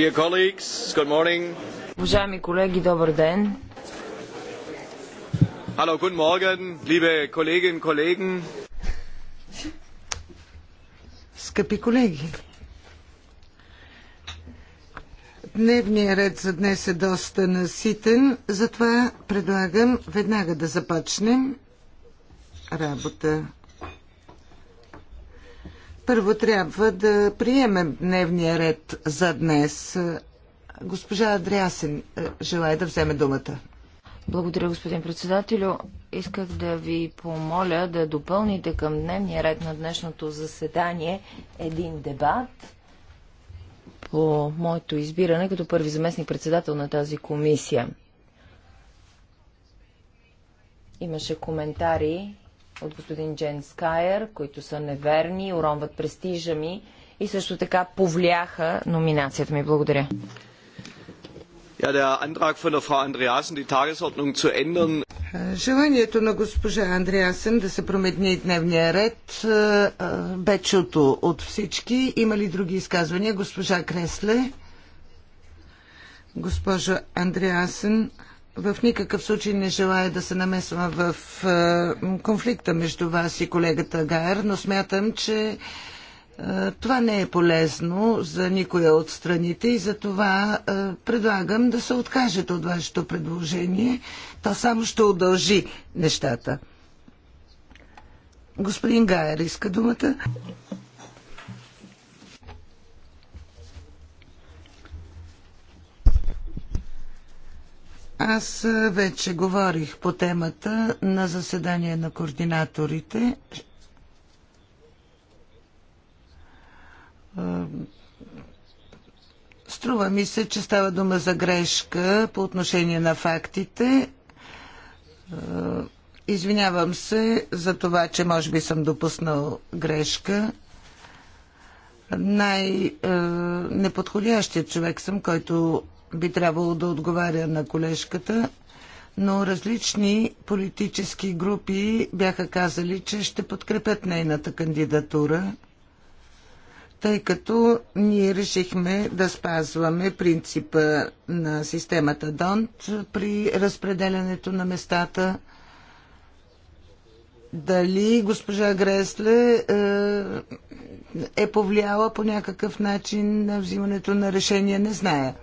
Dear colleagues, good morning. Уважаеми колеги, добър ден. Hallo, guten Morgen, liebe Kolleginnen und Kollegen. Скъпи колеги, дневният ред за днес е доста наситен, затова предлагам веднага да започнем работа. Първо трябва да приемем дневния ред за днес. Госпожа Адриасин е, желая да вземе думата. Благодаря, господин председателю. Исках да ви помоля да допълните към дневния ред на днешното заседание един дебат по моето избиране като първи заместник председател на тази комисия. Имаше коментари от господин Джен Скайер, които са неверни, уронват престижа ми и също така повляха номинацията ми. Благодаря. Желанието на госпожа Андреасен да се промени дневния ред е, е, бе чуто от всички. Има ли други изказвания? Госпожа Кресле? Госпожа Андреасен? в никакъв случай не желая да се намесвам в е, конфликта между вас и колегата Гайер, но смятам, че е, това не е полезно за никоя от страните и за това е, предлагам да се откажете от вашето предложение. То само ще удължи нещата. Господин Гайер иска думата. Аз вече говорих по темата на заседание на координаторите. Струва ми се, че става дума за грешка по отношение на фактите. Извинявам се за това, че може би съм допуснал грешка. Най-неподходящият човек съм, който би трябвало да отговаря на колежката, но различни политически групи бяха казали, че ще подкрепят нейната кандидатура, тъй като ние решихме да спазваме принципа на системата ДОНТ при разпределянето на местата. Дали госпожа Гресле е, е повлияла по някакъв начин на взимането на решение, не зная.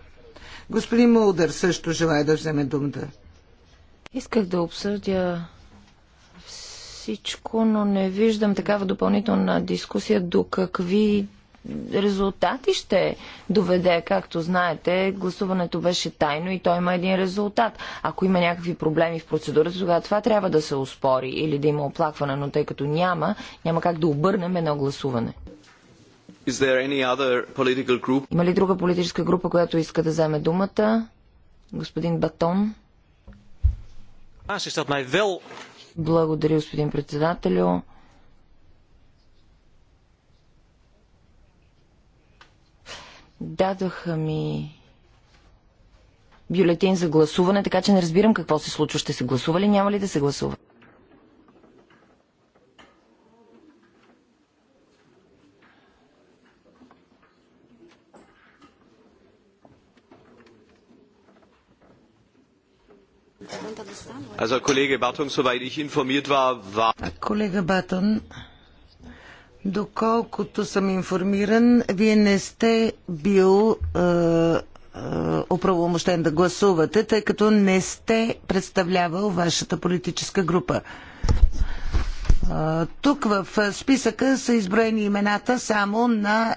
Господин Мулдър също желая да вземе думата. Исках да обсъдя всичко, но не виждам такава допълнителна дискусия до какви резултати ще доведе. Както знаете, гласуването беше тайно и той има един резултат. Ако има някакви проблеми в процедурата, тогава това трябва да се успори или да има оплакване, но тъй като няма, няма как да обърнем едно гласуване. Има ли друга политическа група, която иска да вземе думата? Господин Батон. Благодаря, господин председателю. Дадоха ми бюлетин за гласуване, така че не разбирам какво се случва. Ще се гласува ли, няма ли да се гласува? Also Kollege Barton, soweit ich informiert war, war... Колега Батон, доколкото съм информиран, вие не сте бил е, е, оправомощен да гласувате, тъй като не сте представлявал вашата политическа група. Е, тук в списъка са изброени имената само на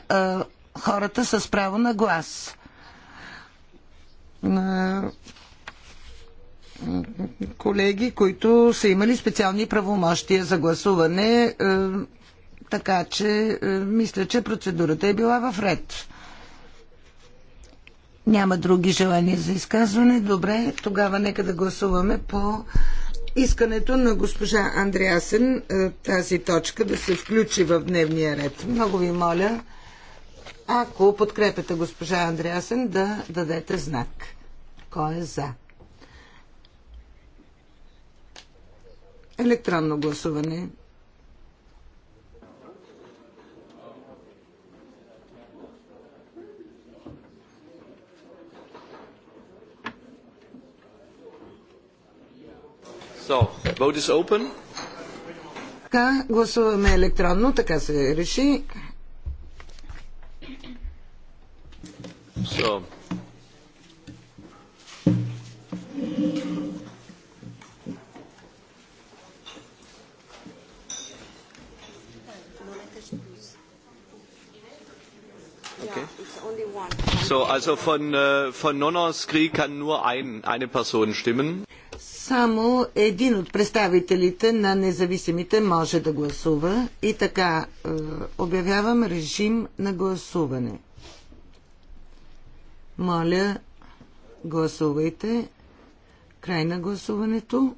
хората с право на глас колеги, които са имали специални правомощия за гласуване, е, така че е, мисля, че процедурата е била в ред. Няма други желания за изказване. Добре, тогава нека да гласуваме по искането на госпожа Андреасен е, тази точка да се включи в дневния ред. Много ви моля, ако подкрепяте госпожа Андреасен, да дадете знак. Кой е за? Електронно гласуване. So, vote is open. Така, гласуваме електронно, така се реши. Also von, äh, von kann nur ein, eine Person stimmen. Само един от представителите на независимите може да гласува и така е, обявявам режим на гласуване. Моля, гласувайте. Край на гласуването.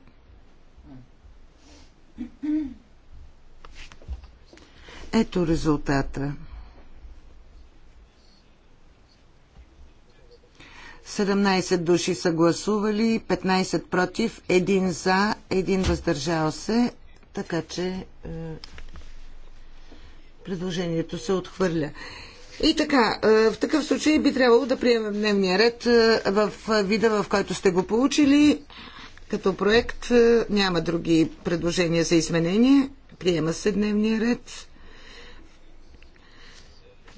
Ето резултата. 17 души са гласували, 15 против, 1 за, 1 въздържал се, така че е, предложението се отхвърля. И така, е, в такъв случай би трябвало да приемем дневния ред е, в вида, в който сте го получили. Като проект е, няма други предложения за изменение. Приема се дневния ред.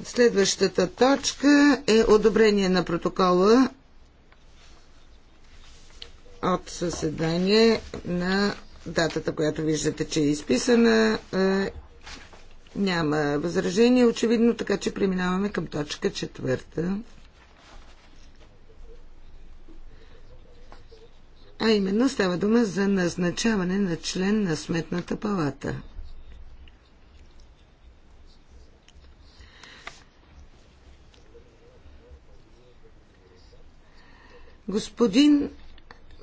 Следващата точка е одобрение на протокола от съседание на датата, която виждате, че е изписана. Е, няма възражение, очевидно, така че преминаваме към точка четвърта. А именно става дума за назначаване на член на Сметната палата. Господин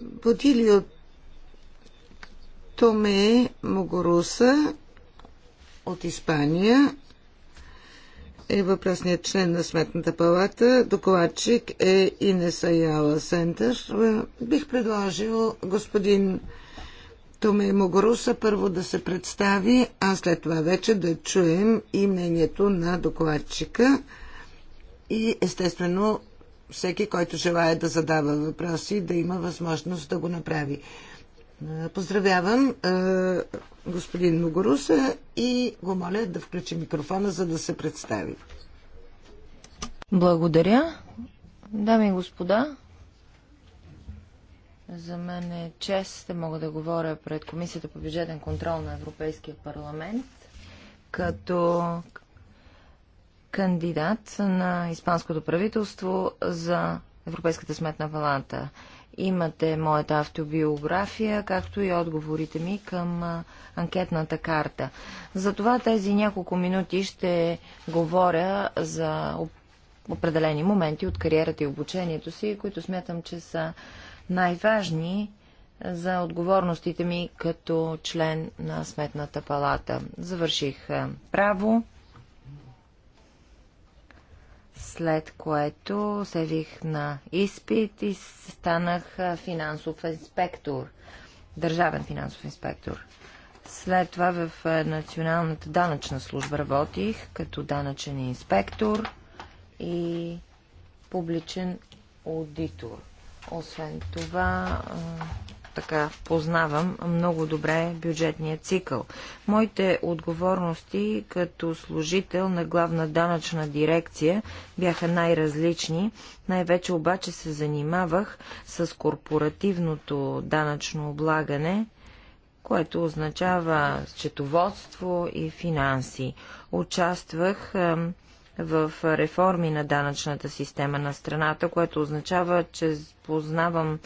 Бодилио Томе Могоруса от Испания е въпросният член на Сметната палата. Докладчик е Инеса Яла Сентър. Бих предложил господин Томе Могоруса първо да се представи, а след това вече да чуем и мнението на докладчика и естествено всеки, който желая да задава въпроси, да има възможност да го направи. Поздравявам господин Могоруса и го моля да включи микрофона, за да се представи. Благодаря. Дами и господа, за мен е чест да мога да говоря пред Комисията по бюджетен контрол на Европейския парламент като кандидат на Испанското правителство за Европейската сметна палата. Имате моята автобиография, както и отговорите ми към анкетната карта. За това тези няколко минути ще говоря за определени моменти от кариерата и обучението си, които смятам, че са най-важни за отговорностите ми като член на Сметната палата. Завърших право след което седих на изпит и станах финансов инспектор, държавен финансов инспектор. След това в Националната данъчна служба работих като данъчен инспектор и публичен аудитор. Освен това, така познавам много добре бюджетния цикъл. Моите отговорности като служител на главна данъчна дирекция бяха най-различни. Най-вече обаче се занимавах с корпоративното данъчно облагане, което означава счетоводство и финанси. Участвах в реформи на данъчната система на страната, което означава, че познавам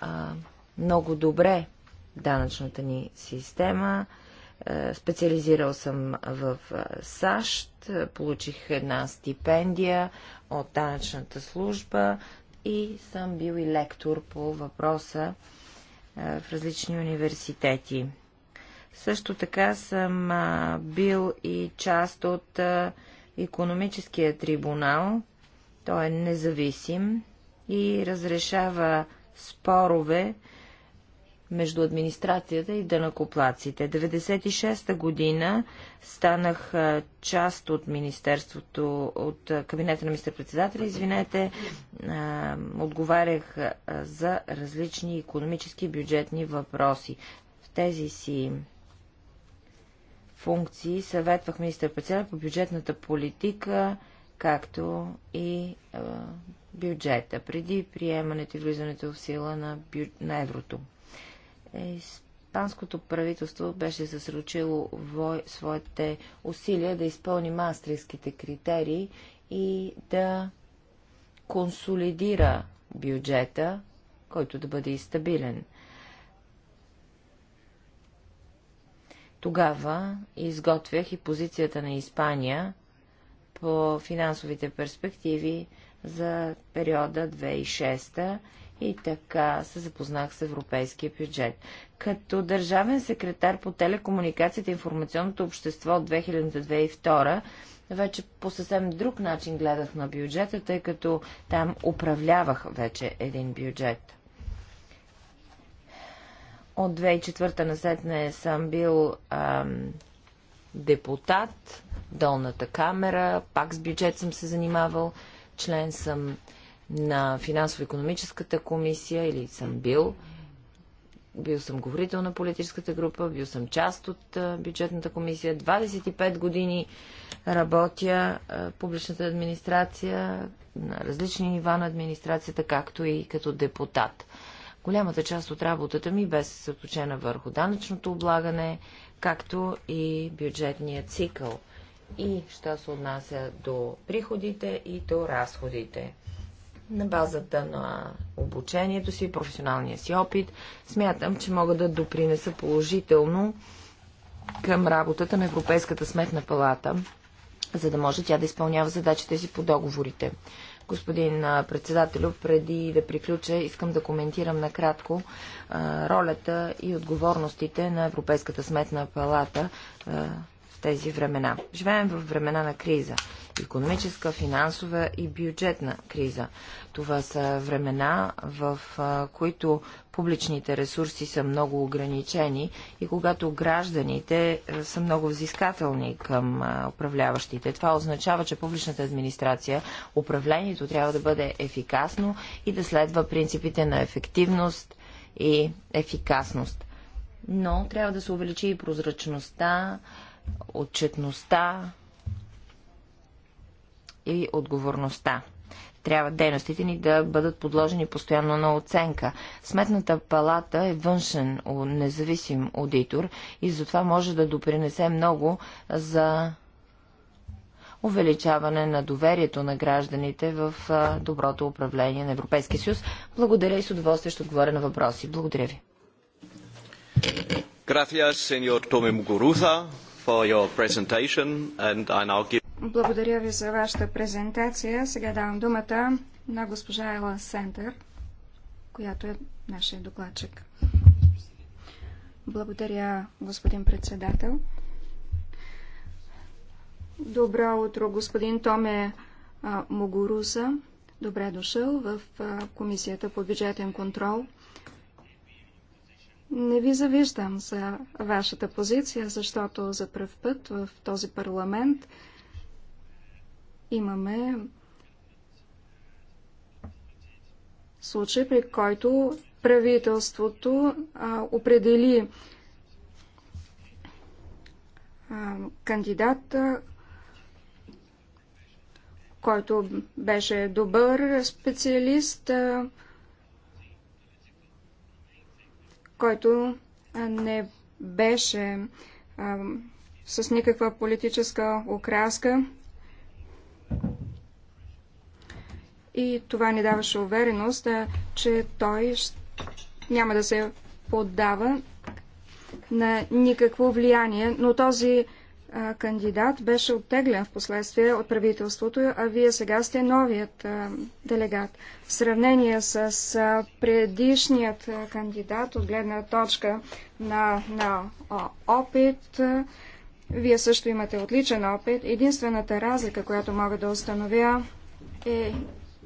а, много добре данъчната ни система. Е, специализирал съм в е, САЩ, получих една стипендия от данъчната служба и съм бил и лектор по въпроса е, в различни университети. Също така съм бил и част от економическия трибунал. Той е независим и разрешава спорове между администрацията и дънакоплаците. 96-та година станах част от Министерството, от кабинета на мистер председателя извинете, отговарях за различни економически и бюджетни въпроси. В тези си функции съветвах министър-председател по бюджетната политика, както и бюджета, преди приемането и влизането в сила на, бю... на еврото. Испанското правителство беше съсредоточило своите усилия да изпълни мастрийските критерии и да консолидира бюджета, който да бъде и стабилен. Тогава изготвях и позицията на Испания по финансовите перспективи за периода 2006 и така се запознах с европейския бюджет. Като държавен секретар по телекомуникацията и информационното общество от 2002 вече по съвсем друг начин гледах на бюджета, тъй като там управлявах вече един бюджет. От 2004 насетне съм бил ам, депутат, долната камера, пак с бюджет съм се занимавал, член съм на финансово-економическата комисия или съм бил. Бил съм говорител на политическата група, бил съм част от бюджетната комисия. 25 години работя в публичната администрация на различни нива на администрацията, както и като депутат. Голямата част от работата ми бе съсредоточена върху данъчното облагане, както и бюджетния цикъл. И що се отнася до приходите и до разходите на базата на обучението си, професионалния си опит, смятам, че мога да допринеса положително към работата на Европейската сметна палата, за да може тя да изпълнява задачите си по договорите. Господин председателю, преди да приключа, искам да коментирам накратко ролята и отговорностите на Европейската сметна палата тези времена. Живеем в времена на криза. Економическа, финансова и бюджетна криза. Това са времена, в които публичните ресурси са много ограничени и когато гражданите са много взискателни към управляващите. Това означава, че публичната администрация, управлението трябва да бъде ефикасно и да следва принципите на ефективност и ефикасност. Но трябва да се увеличи и прозрачността, отчетността и отговорността. Трябва дейностите ни да бъдат подложени постоянно на оценка. Сметната палата е външен независим аудитор и затова може да допринесе много за увеличаване на доверието на гражданите в доброто управление на Европейския съюз. Благодаря и с удоволствие ще отговоря на въпроси. Благодаря ви. Gracias, señor Tome Muguruza for your presentation and I now give... Благодаря ви за вашата презентация. Сега давам думата на госпожа Ела Сентър, която е нашия докладчик. Благодаря, господин председател. Добро утро, господин Томе Могоруса. Добре дошъл в Комисията по бюджетен контрол. Не ви завиждам за вашата позиция, защото за пръв път в този парламент имаме случай, при който правителството а, определи а, кандидат, който беше добър специалист, а, който не беше а, с никаква политическа окраска. И това ни даваше увереност, а, че той няма да се поддава на никакво влияние, но този кандидат беше оттеглен в последствие от правителството, а вие сега сте новият делегат. В сравнение с предишният кандидат от гледна точка на, на опит, вие също имате отличен опит. Единствената разлика, която мога да установя е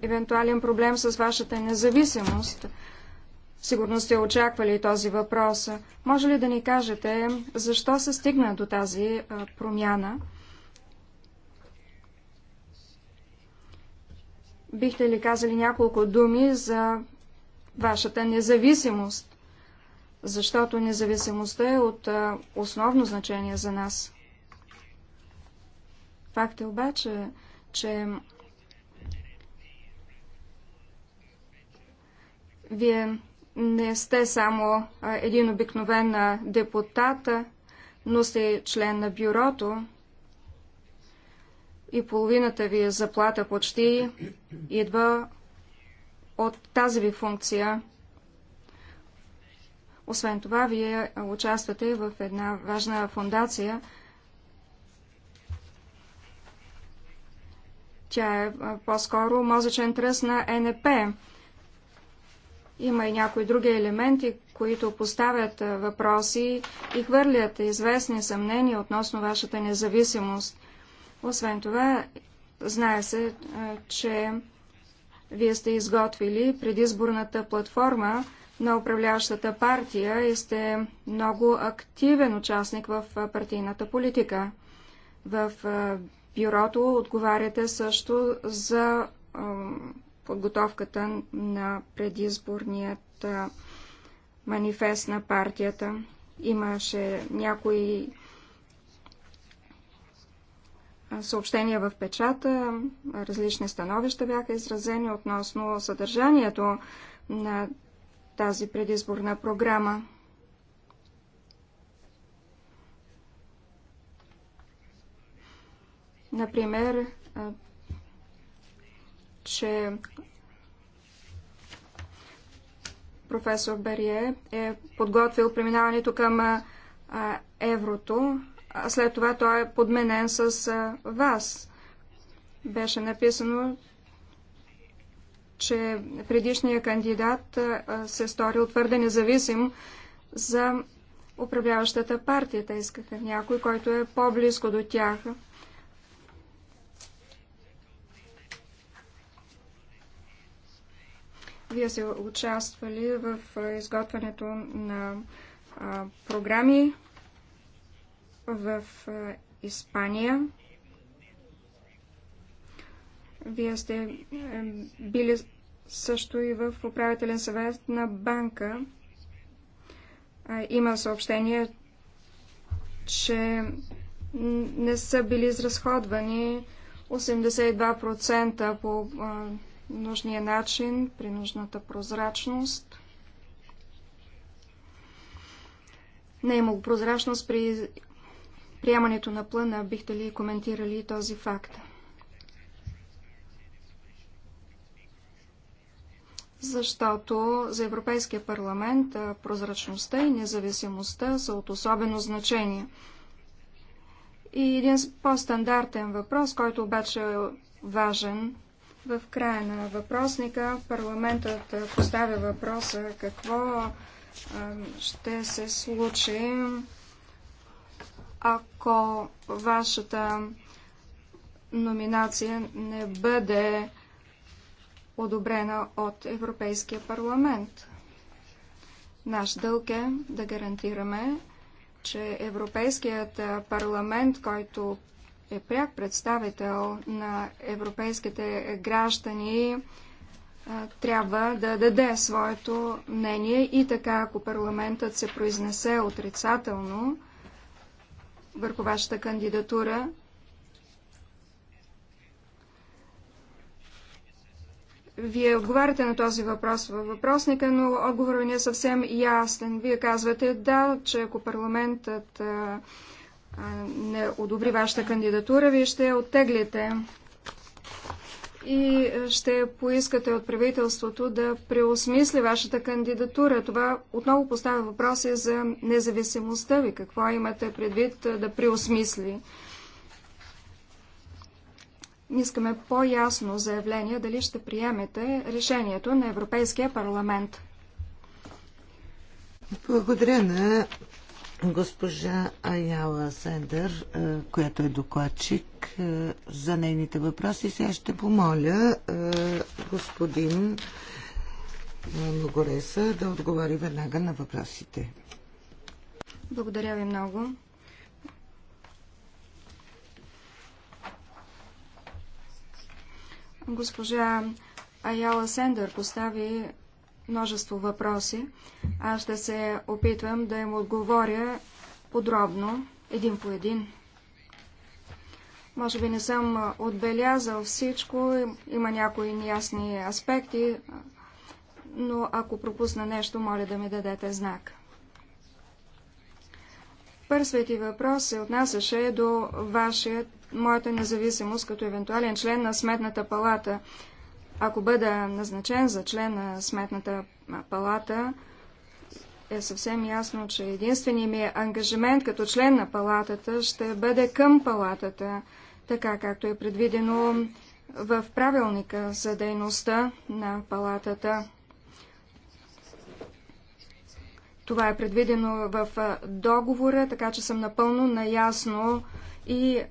евентуален проблем с вашата независимост. Сигурно сте очаквали този въпрос. Може ли да ни кажете защо се стигна до тази промяна? Бихте ли казали няколко думи за вашата независимост? Защото независимостта е от основно значение за нас. Факт е обаче, че вие не сте само един обикновен депутат, но сте член на бюрото и половината ви е заплата почти идва от тази ви функция. Освен това, вие участвате в една важна фундация. Тя е по-скоро мозъчен тръст на НП. Има и някои други елементи, които поставят въпроси и хвърлят известни съмнения относно вашата независимост. Освен това, знае се, че вие сте изготвили предизборната платформа на управляващата партия и сте много активен участник в партийната политика. В бюрото отговаряте също за подготовката на предизборният манифест на партията. Имаше някои съобщения в печата, различни становища бяха изразени относно съдържанието на тази предизборна програма. Например, че професор Берие е подготвил преминаването към еврото, а след това той е подменен с вас. Беше написано, че предишният кандидат се сторил твърде независим за управляващата партия. Те искаха някой, който е по-близко до тях. Вие сте участвали в изготвянето на програми в Испания. Вие сте е, били също и в управителен съвет на банка. Има съобщение, че не са били изразходвани 82% по нужния начин, при нужната прозрачност. Не е имало прозрачност при приемането на плана. Бихте ли коментирали този факт? Защото за Европейския парламент прозрачността и независимостта са от особено значение. И един по-стандартен въпрос, който обаче е важен в края на въпросника парламентът поставя въпроса какво ще се случи, ако вашата номинация не бъде одобрена от Европейския парламент. Наш дълг е да гарантираме, че Европейският парламент, който е пряк представител на европейските граждани, трябва да даде своето мнение и така, ако парламентът се произнесе отрицателно върху вашата кандидатура, Вие отговаряте на този въпрос във въпросника, но отговорът не е съвсем ясен. Вие казвате да, че ако парламентът а, не одобри вашата кандидатура, вие ще я оттеглите и е, ще поискате от правителството да преосмисли вашата кандидатура. Това отново поставя въпроси за независимостта ви. Какво имате предвид е, да преосмисли? Искаме по-ясно заявление дали ще приемете решението на Европейския парламент. Благодаря на госпожа Аяла Сендър, е, която е докладчик е, за нейните въпроси. Сега ще помоля е, господин Многореса да отговори веднага на въпросите. Благодаря ви много. Госпожа Аяла Сендър постави множество въпроси. Аз ще се опитвам да им отговоря подробно, един по един. Може би не съм отбелязал всичко, има някои неясни аспекти, но ако пропусна нещо, моля да ми дадете знак. Първият ти въпрос се отнасяше до вашия, моята независимост като евентуален член на Сметната палата. Ако бъда назначен за член на Сметната палата, е съвсем ясно, че единственият ми ангажимент като член на палатата ще бъде към палатата, така както е предвидено в правилника за дейността на палатата. Това е предвидено в договора, така че съм напълно наясно и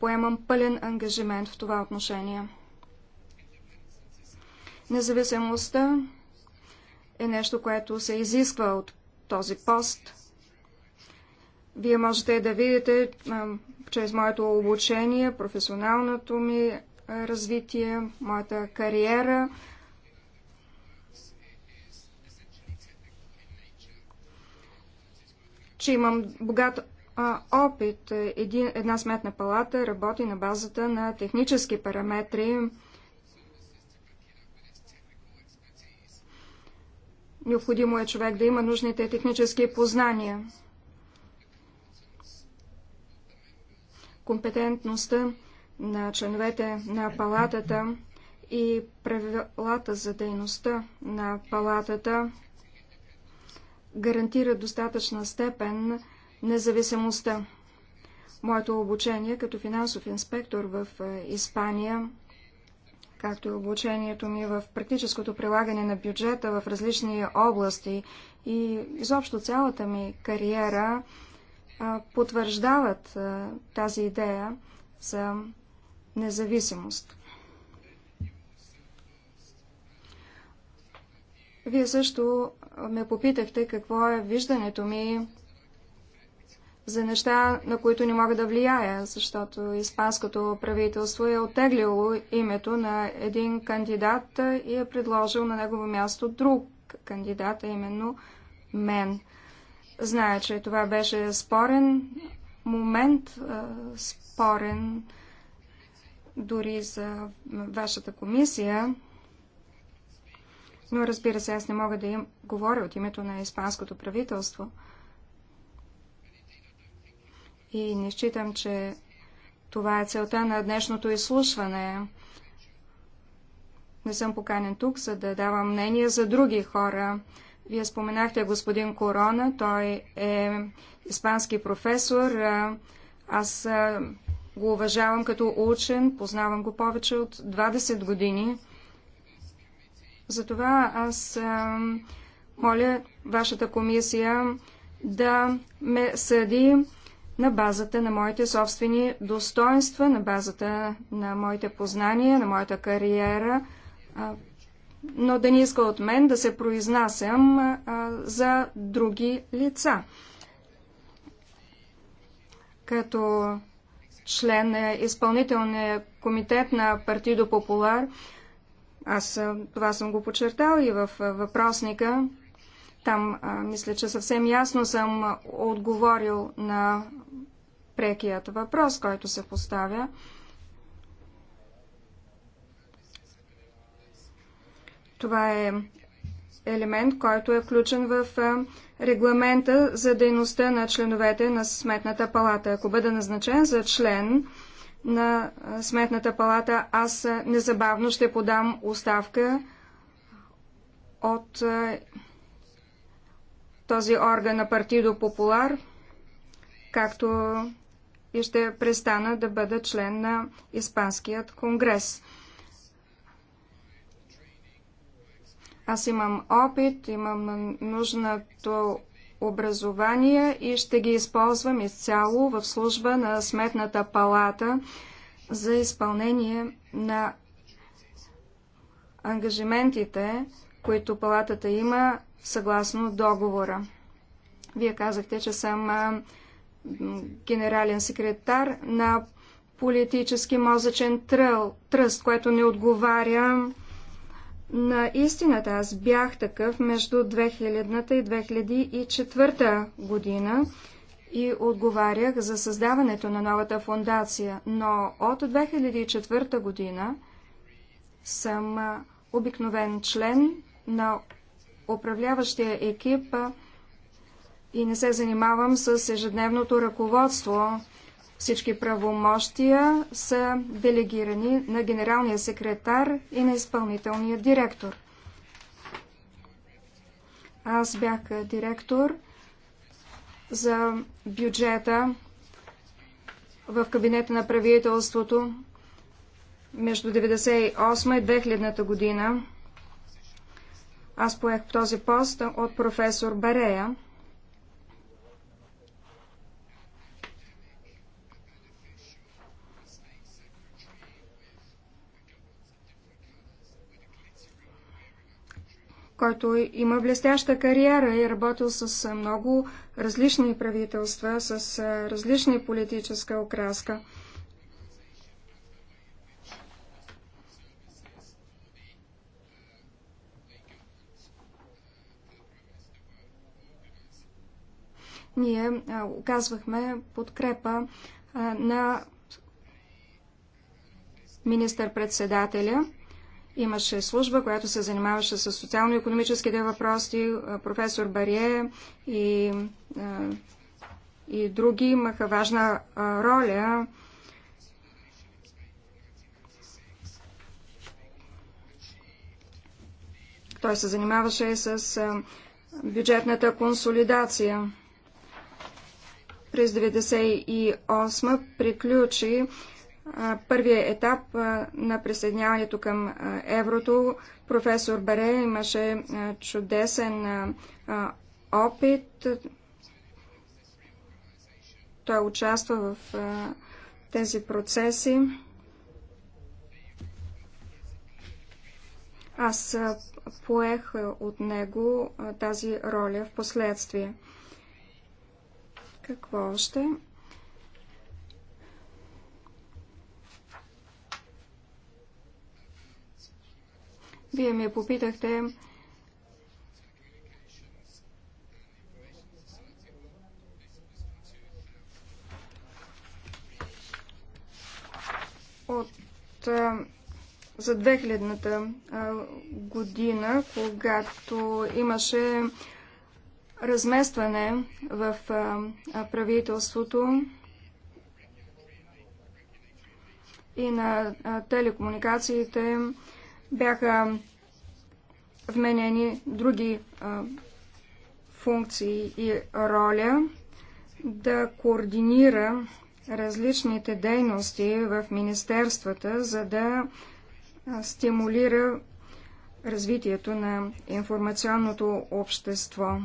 поемам пълен ангажимент в това отношение. Независимостта е нещо, което се изисква от този пост. Вие можете да видите чрез моето обучение, професионалното ми развитие, моята кариера. че имам богат а, опит. Един, една сметна палата работи на базата на технически параметри, Необходимо е човек да има нужните технически познания. Компетентността на членовете на палатата и правилата за дейността на палатата гарантира достатъчна степен независимостта. Моето обучение като финансов инспектор в е, Испания – както и обучението ми в практическото прилагане на бюджета в различни области и изобщо цялата ми кариера потвърждават тази идея за независимост. Вие също ме попитахте какво е виждането ми за неща, на които не мога да влияя, защото испанското правителство е оттеглило името на един кандидат и е предложил на негово място друг кандидат, а именно мен. Зная, че това беше спорен момент, спорен дори за вашата комисия, но разбира се, аз не мога да им говоря от името на испанското правителство – и не считам, че това е целта на днешното изслушване. Не съм поканен тук, за да давам мнение за други хора. Вие споменахте господин Корона, той е испански професор. Аз го уважавам като учен, познавам го повече от 20 години. Затова аз моля вашата комисия да ме съди на базата на моите собствени достоинства, на базата на моите познания, на моята кариера, но да не иска от мен да се произнасям за други лица. Като член на изпълнителния комитет на Партидо Популар, аз това съм го подчертал и в въпросника, там а, мисля, че съвсем ясно съм отговорил на прекият въпрос, който се поставя. Това е елемент, който е включен в регламента за дейността на членовете на Сметната палата. Ако бъда назначен за член на Сметната палата, аз незабавно ще подам оставка от този орган на партидо Популар, както и ще престана да бъда член на Испанският конгрес. Аз имам опит, имам нужното образование и ще ги използвам изцяло в служба на Сметната палата за изпълнение на ангажиментите, които палатата има съгласно договора. Вие казахте, че съм генерален секретар на политически мозъчен тръл, тръст, което не отговаря на истината. Аз бях такъв между 2000 та и 2004 година и отговарях за създаването на новата фундация, но от 2004 година съм обикновен член на управляващия екип и не се занимавам с ежедневното ръководство. Всички правомощия са делегирани на генералния секретар и на изпълнителния директор. Аз бях директор за бюджета в кабинета на правителството между 1998 и 2000 година. Аз поех този пост от професор Барея. който има блестяща кариера и е работил с много различни правителства, с различни политическа окраска. ние оказвахме подкрепа на министър-председателя. Имаше служба, която се занимаваше с социално-економическите въпроси, професор Барие и, и други имаха важна роля. Той се занимаваше и с бюджетната консолидация. През 1998 приключи първия етап на присъединяването към еврото. Професор Бере имаше чудесен опит. Той участва в тези процеси. Аз поех от него тази роля в последствие. Какво още? Вие ме попитахте от за 2000-та година, когато имаше разместване в правителството и на телекомуникациите, бяха вменени други а, функции и роля да координира различните дейности в министерствата, за да стимулира развитието на информационното общество.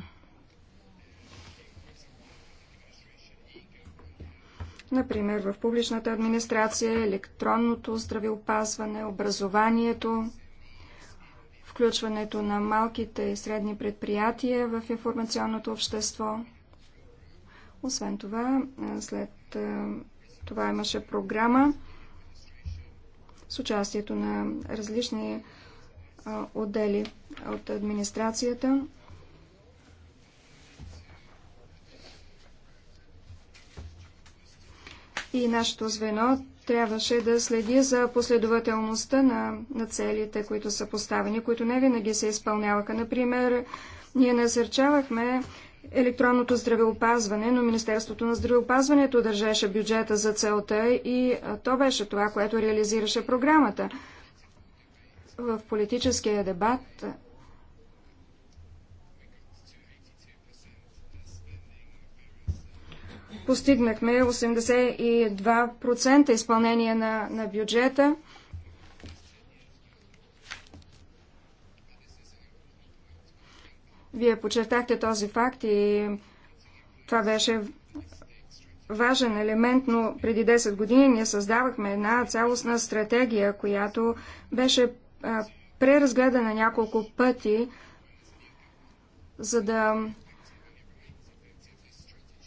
например в публичната администрация, електронното здравеопазване, образованието, включването на малките и средни предприятия в информационното общество. Освен това, след е, това имаше програма с участието на различни е, отдели от администрацията. и нашето звено трябваше да следи за последователността на, на целите, които са поставени, които не винаги се изпълняваха. Например, ние насърчавахме електронното здравеопазване, но Министерството на здравеопазването държеше бюджета за целта и то беше това, което реализираше програмата. В политическия дебат Постигнахме 82% изпълнение на, на бюджета. Вие подчертахте този факт и това беше важен елемент, но преди 10 години ние създавахме една цялостна стратегия, която беше преразгледана няколко пъти, за да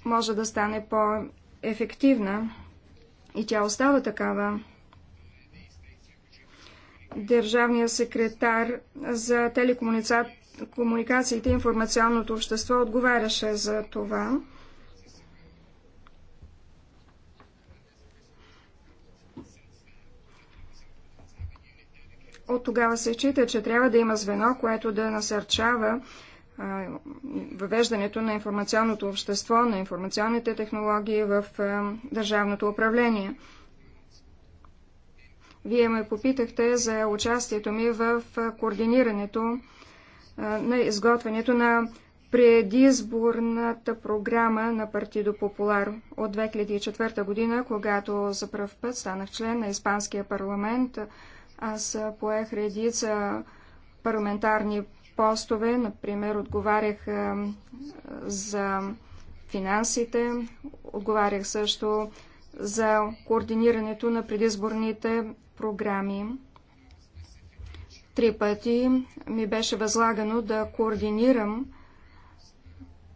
може да стане по-ефективна и тя остава такава. Държавният секретар за телекомуникациите и информационното общество отговаряше за това. От тогава се счита, че трябва да има звено, което да насърчава въвеждането на информационното общество, на информационните технологии в държавното управление. Вие ме попитахте за участието ми в координирането на изготвянето на предизборната програма на Партидо Популар от 2004 година, когато за първ път станах член на Испанския парламент. Аз поех редица парламентарни постове. Например, отговарях за финансите, отговарях също за координирането на предизборните програми. Три пъти ми беше възлагано да координирам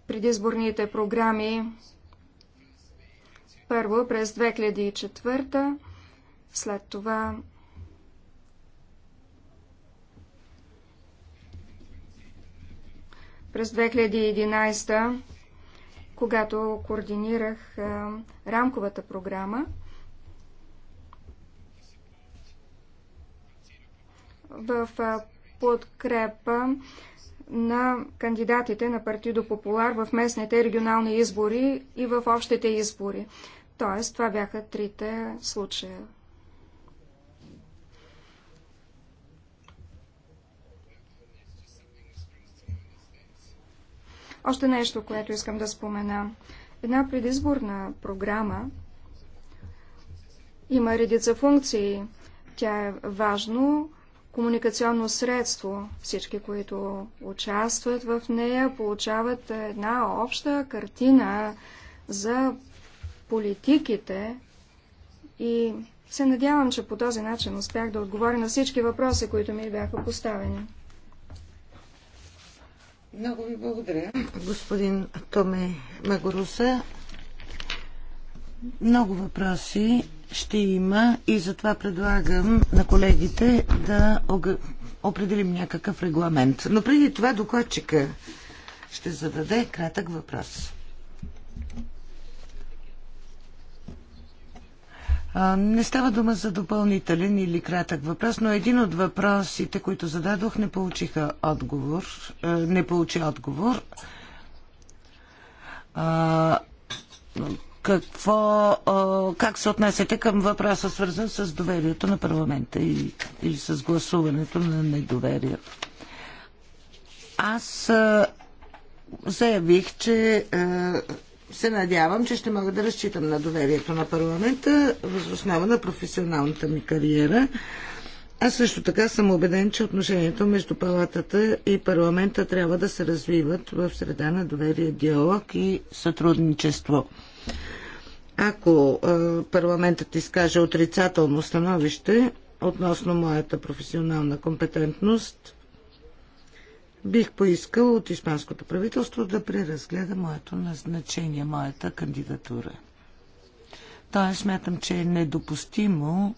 предизборните програми. Първо през 2004, след това през 2011, когато координирах рамковата програма. в подкрепа на кандидатите на Партидо Популар в местните регионални избори и в общите избори. Тоест, това бяха трите случая. Още нещо, което искам да спомена. Една предизборна програма има редица функции. Тя е важно комуникационно средство. Всички, които участват в нея, получават една обща картина за политиките и се надявам, че по този начин успях да отговоря на всички въпроси, които ми бяха поставени. Много ви благодаря, господин Томе Магоруса. Много въпроси ще има и затова предлагам на колегите да определим някакъв регламент. Но преди това докладчика ще зададе кратък въпрос. Не става дума за допълнителен или кратък въпрос, но един от въпросите, които зададох, не получиха отговор. Не получи отговор. Какво, как се отнасяте към въпроса, свързан с доверието на парламента и, или с гласуването на недоверие? Аз заявих, че се надявам, че ще мога да разчитам на доверието на парламента възоснова на професионалната ми кариера. Аз също така съм убеден, че отношението между палатата и парламента трябва да се развиват в среда на доверие, диалог и сътрудничество. Ако парламентът изкаже отрицателно становище относно моята професионална компетентност, бих поискал от Испанското правителство да преразгледа моето назначение, моята кандидатура. Тоест, смятам, че е недопустимо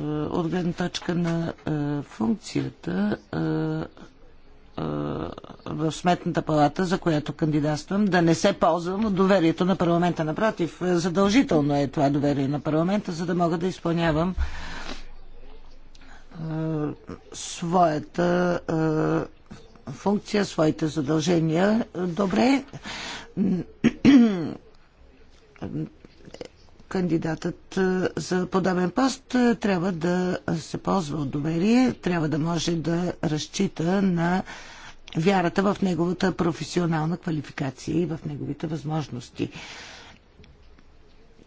е, от гледна точка на е, функцията е, в Сметната палата, за която кандидатствам, да не се ползвам от доверието на парламента. Напротив, задължително е това доверие на парламента, за да мога да изпълнявам е, своята е, функция, своите задължения. Добре, кандидатът е, за подобен пост трябва да се ползва от доверие, трябва да може да разчита на вярата в неговата професионална квалификация и в неговите възможности.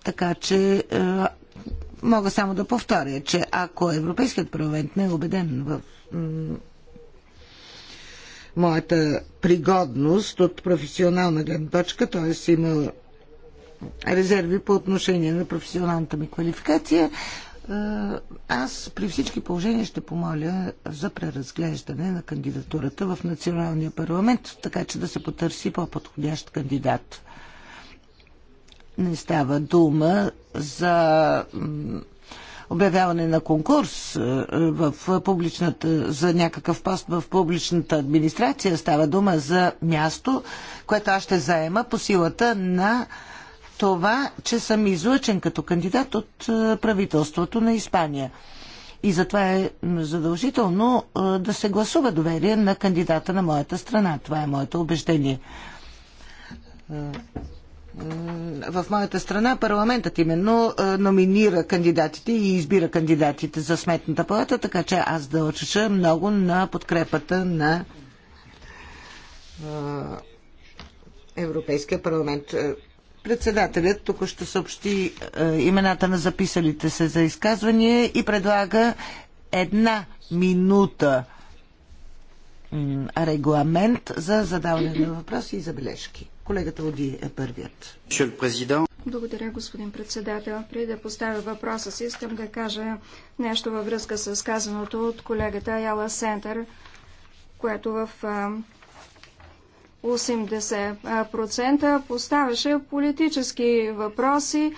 Така че мога само да повторя, че ако Европейският парламент не е убеден в моята пригодност от професионална гледна точка, т.е. има резерви по отношение на професионалната ми квалификация, е, аз при всички положения ще помоля за преразглеждане на кандидатурата в Националния парламент, така че да се потърси по-подходящ кандидат не става дума за обявяване на конкурс е, в публичната, за някакъв пост в публичната администрация. Става дума за място, което аз ще заема по силата на това, че съм излъчен като кандидат от е, правителството на Испания. И затова е задължително е, да се гласува доверие на кандидата на моята страна. Това е моето убеждение в моята страна парламентът именно номинира кандидатите и избира кандидатите за сметната палата, така че аз очеша много на подкрепата на Европейския парламент. Е, председателят тук ще съобщи имената на записалите се за изказване и предлага една минута регламент за задаване на въпроси и забележки. Колегата Оди е първият. Благодаря, господин председател. Преди да поставя въпроса си, искам да кажа нещо във връзка с казаното от колегата Яла Сентър, което в 80% поставяше политически въпроси,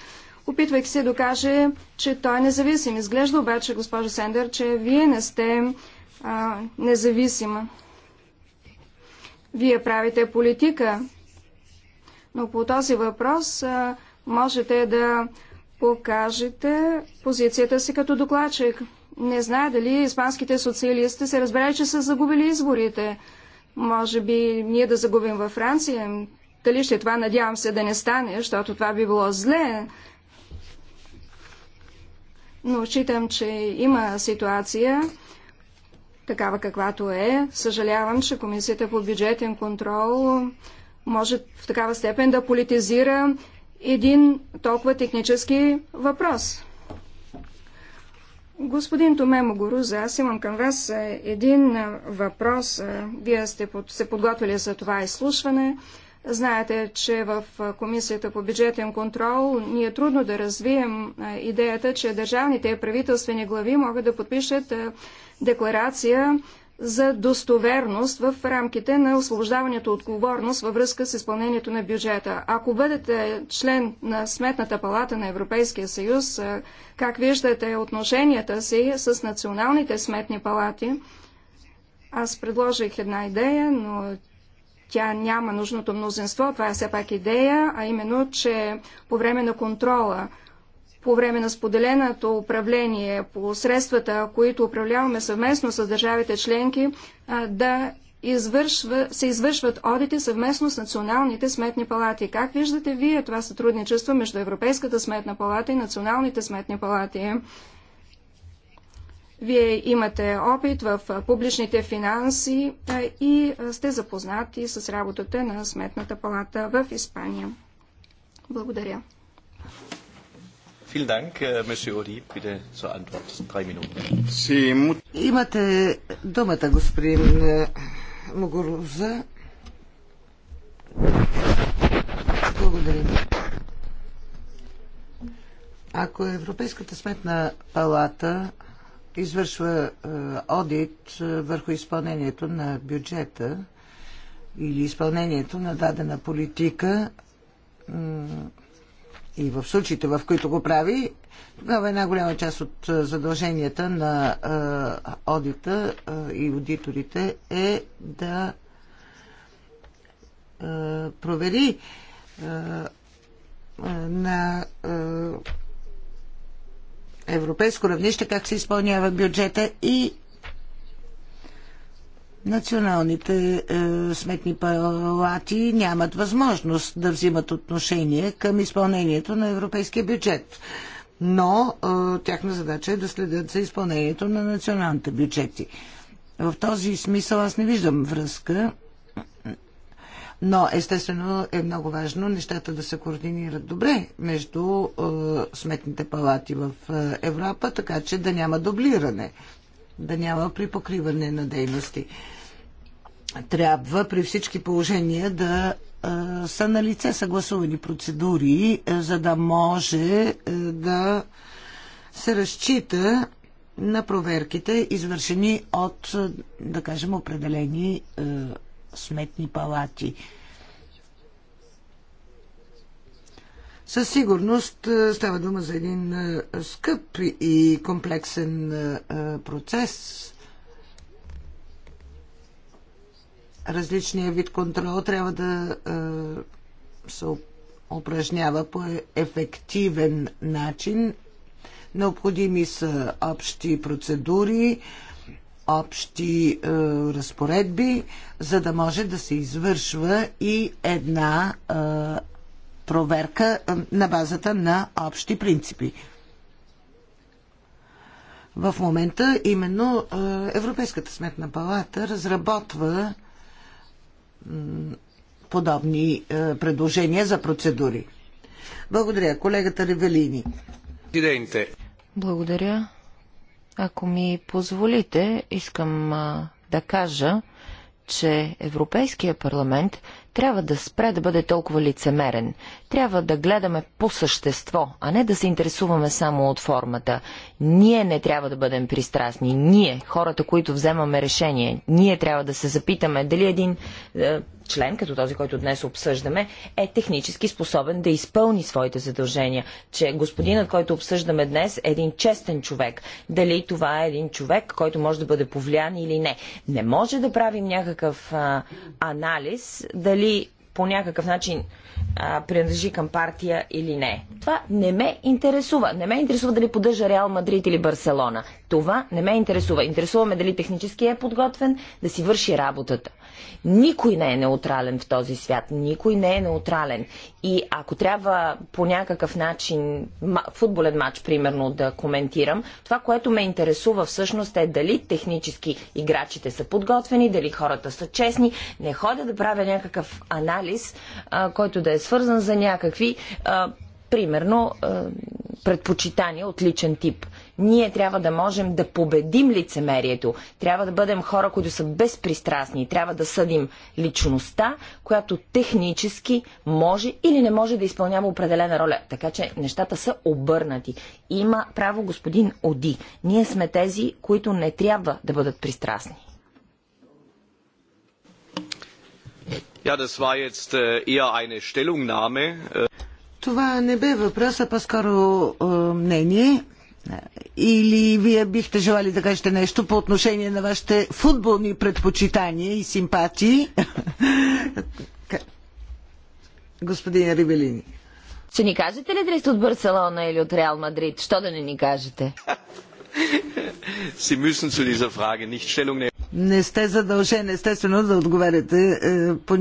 опитвайки се да каже, че той е независим. Изглежда обаче, госпожо Сендър, че вие не сте независима. Вие правите политика, но по този въпрос можете да покажете позицията си като докладчик. Не знае дали испанските социалисти се разбрали, че са загубили изборите. Може би ние да загубим във Франция. Дали ще е това надявам се да не стане, защото това би било зле. Но считам, че има ситуация, такава каквато е. Съжалявам, че Комисията по бюджетен контрол може в такава степен да политизира един толкова технически въпрос. Господин Томе Могоруза, аз имам към вас е, един е, въпрос. Е, вие сте под, се подготвили за това изслушване. Знаете, че в Комисията по бюджетен контрол ни е трудно да развием идеята, че държавните и правителствени глави могат да подпишат декларация за достоверност в рамките на освобождаването от отговорност във връзка с изпълнението на бюджета. Ако бъдете член на Сметната палата на Европейския съюз, как виждате отношенията си с националните сметни палати? Аз предложих една идея, но тя няма нужното мнозинство. Това е все пак идея, а именно, че по време на контрола по време на споделеното управление, по средствата, които управляваме съвместно с държавите членки, да извършва, се извършват одити съвместно с националните сметни палати. Как виждате вие това сътрудничество между Европейската сметна палата и националните сметни палати? Вие имате опит в публичните финанси и сте запознати с работата на Сметната палата в Испания. Благодаря. Vielen Dank, äh, Monsieur Ори, bitte zur Antwort. Drei Minuten. Имате думата, господин э, Могоруза. Благодаря. Ако Европейската сметна палата извършва э, одит э, върху изпълнението на бюджета или изпълнението на дадена политика, и в случаите, в които го прави, тогава една голяма част от задълженията на одита и аудиторите е да провери на европейско равнище как се изпълнява бюджета и националните е, сметни палати нямат възможност да взимат отношение към изпълнението на европейския бюджет. Но е, тяхна задача е да следят за изпълнението на националните бюджети. В този смисъл аз не виждам връзка, но естествено е много важно нещата да се координират добре между е, сметните палати в е, Европа, така че да няма дублиране да няма припокриване на дейности. Трябва при всички положения да са на лице съгласувани процедури, за да може да се разчита на проверките, извършени от, да кажем, определени сметни палати. Със сигурност е, става дума за един е, скъп и комплексен е, процес. Различният вид контрол трябва да се упражнява по ефективен начин. Необходими са общи процедури, общи е, разпоредби, за да може да се извършва и една е, проверка на базата на общи принципи. В момента именно Европейската сметна палата разработва подобни предложения за процедури. Благодаря, колегата Ревелини. Благодаря. Ако ми позволите, искам да кажа, че Европейския парламент трябва да спре да бъде толкова лицемерен. Трябва да гледаме по същество, а не да се интересуваме само от формата. Ние не трябва да бъдем пристрастни. Ние, хората, които вземаме решение, ние трябва да се запитаме дали един е, член, като този, който днес обсъждаме, е технически способен да изпълни своите задължения. Че господинът, който обсъждаме днес, е един честен човек. Дали това е един човек, който може да бъде повлиян или не. Не може да правим някакъв е, анализ дали по някакъв начин а, принадлежи към партия или не. Това не ме интересува. Не ме интересува дали поддържа Реал Мадрид или Барселона. Това не ме интересува. Интересува ме дали технически е подготвен да си върши работата. Никой не е неутрален в този свят. Никой не е неутрален. И ако трябва по някакъв начин футболен матч, примерно, да коментирам, това, което ме интересува всъщност е дали технически играчите са подготвени, дали хората са честни. Не ходя да правя някакъв анализ, а, който да е да е свързан за някакви, а, примерно, а, предпочитания от личен тип. Ние трябва да можем да победим лицемерието. Трябва да бъдем хора, които са безпристрастни. Трябва да съдим личността, която технически може или не може да изпълнява определена роля. Така че нещата са обърнати. Има право господин Оди. Ние сме тези, които не трябва да бъдат пристрастни. Ja, das war jetzt äh, eher eine Stellungnahme. Това не бе въпрос, а по-скоро е, мнение. Или вие бихте желали да кажете нещо по отношение на вашите футболни предпочитания и симпатии? Господин Ривелини. Ще ни кажете ли дали сте от Барселона или от Реал Мадрид? Що да не ни кажете? Си müssen zu dieser Frage nicht Stellung nehmen не сте задължен естествено да отговаряте е, по,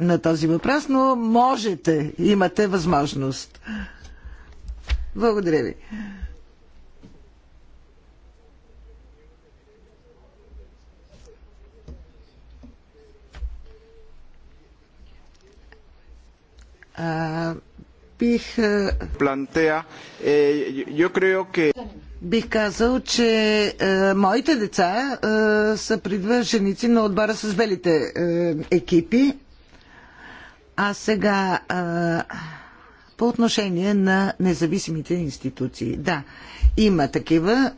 на този въпрос, но можете, имате възможност. Благодаря ви. А, бих... Плантея, е, yo е, creo que бих казал, че е, моите деца е, са придвърженици на отбора с белите е, екипи. А сега е, по отношение на независимите институции. Да, има такива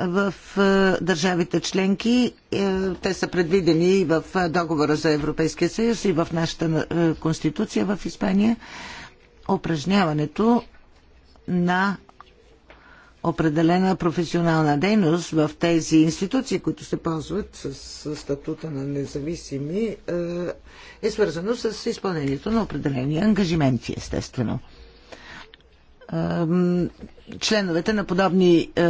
в е, държавите членки. Е, те са предвидени и в е, договора за Европейския съюз, и в нашата е, конституция в Испания. Упражняването на определена професионална дейност в тези институции, които се ползват с, с статута на независими, е, е свързано с изпълнението на определени ангажименти, естествено членовете на подобни е,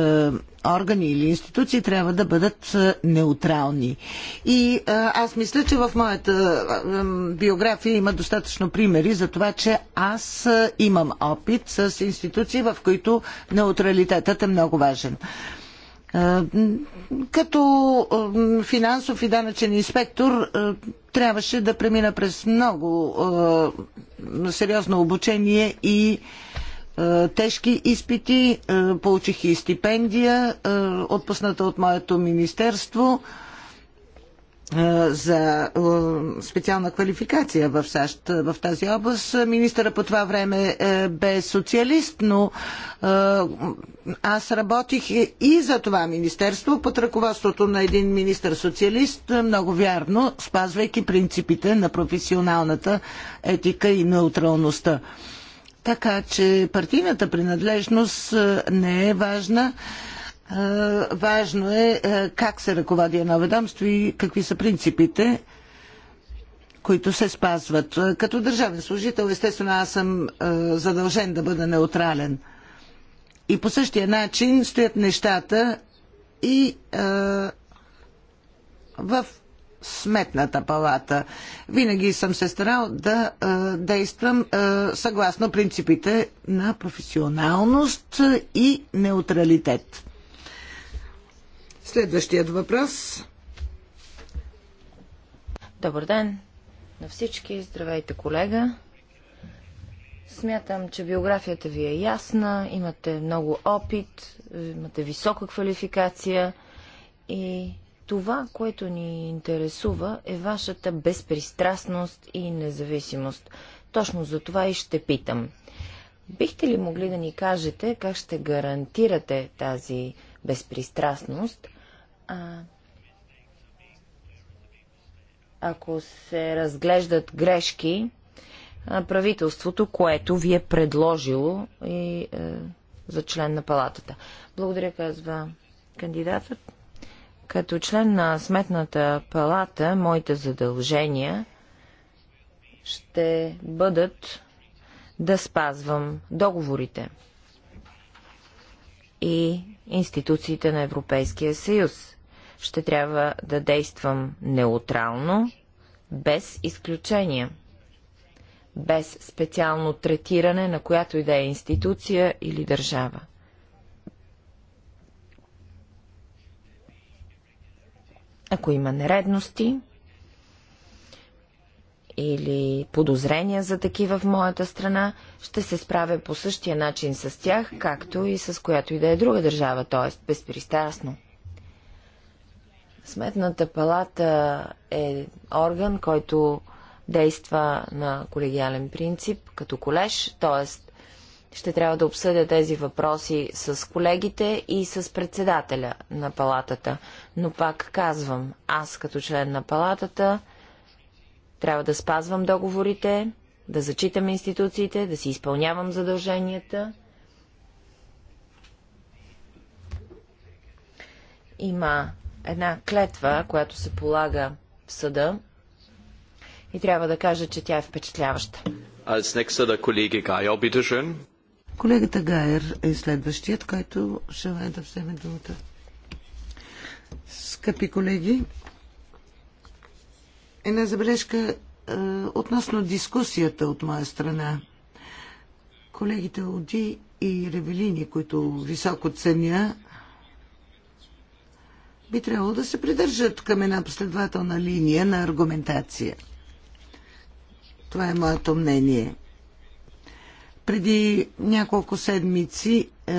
органи или институции трябва да бъдат е, неутрални. И е, аз мисля, че в моята е, биография има достатъчно примери за това, че аз е, имам опит с институции, в които неутралитетът е много важен. Е, като е, финансов и данъчен инспектор е, трябваше да премина през много е, сериозно обучение и е, тежки изпити, е, получих и стипендия, е, отпусната от моето министерство за специална квалификация в САЩ в тази област. Министъра по това време бе социалист, но аз работих и за това министерство под ръководството на един министър-социалист, много вярно, спазвайки принципите на професионалната етика и неутралността. Така че партийната принадлежност е, не е важна. Е, важно е, е как се ръководи едно ведомство и какви са принципите, които се спазват. Като държавен служител, естествено, аз съм задължен да бъда неутрален. И по същия начин стоят нещата и в Сметната палата. Винаги съм се старал да а, действам а, съгласно принципите на професионалност и неутралитет. Следващият въпрос. Добър ден на всички. Здравейте, колега. Смятам, че биографията ви е ясна, имате много опит, имате висока квалификация и това, което ни интересува, е вашата безпристрастност и независимост. Точно за това и ще питам. Бихте ли могли да ни кажете как ще гарантирате тази безпристрастност, а, ако се разглеждат грешки на правителството, което ви е предложило и е, за член на палатата? Благодаря, казва кандидатът. Като член на Сметната палата, моите задължения ще бъдат да спазвам договорите и институциите на Европейския съюз. Ще трябва да действам неутрално, без изключения, без специално третиране на която и да е институция или държава. Ако има нередности или подозрения за такива в моята страна, ще се справя по същия начин с тях, както и с която и да е друга държава, т.е. безпристрастно. Сметната палата е орган, който действа на колегиален принцип като колеж, т.е. Ще трябва да обсъдя тези въпроси с колегите и с председателя на палатата. Но пак казвам, аз като член на палатата трябва да спазвам договорите, да зачитам институциите, да си изпълнявам задълженията. Има една клетва, която се полага в съда и трябва да кажа, че тя е впечатляваща. Als nächster der Kollege Geier, bitteschön. Колегата Гайер е следващият, който желая да вземе думата. Скъпи колеги, една забележка е, относно дискусията от моя страна. Колегите Оди и Ревелини, които високо ценя, би трябвало да се придържат към една последователна линия на аргументация. Това е моето мнение. Преди няколко седмици е,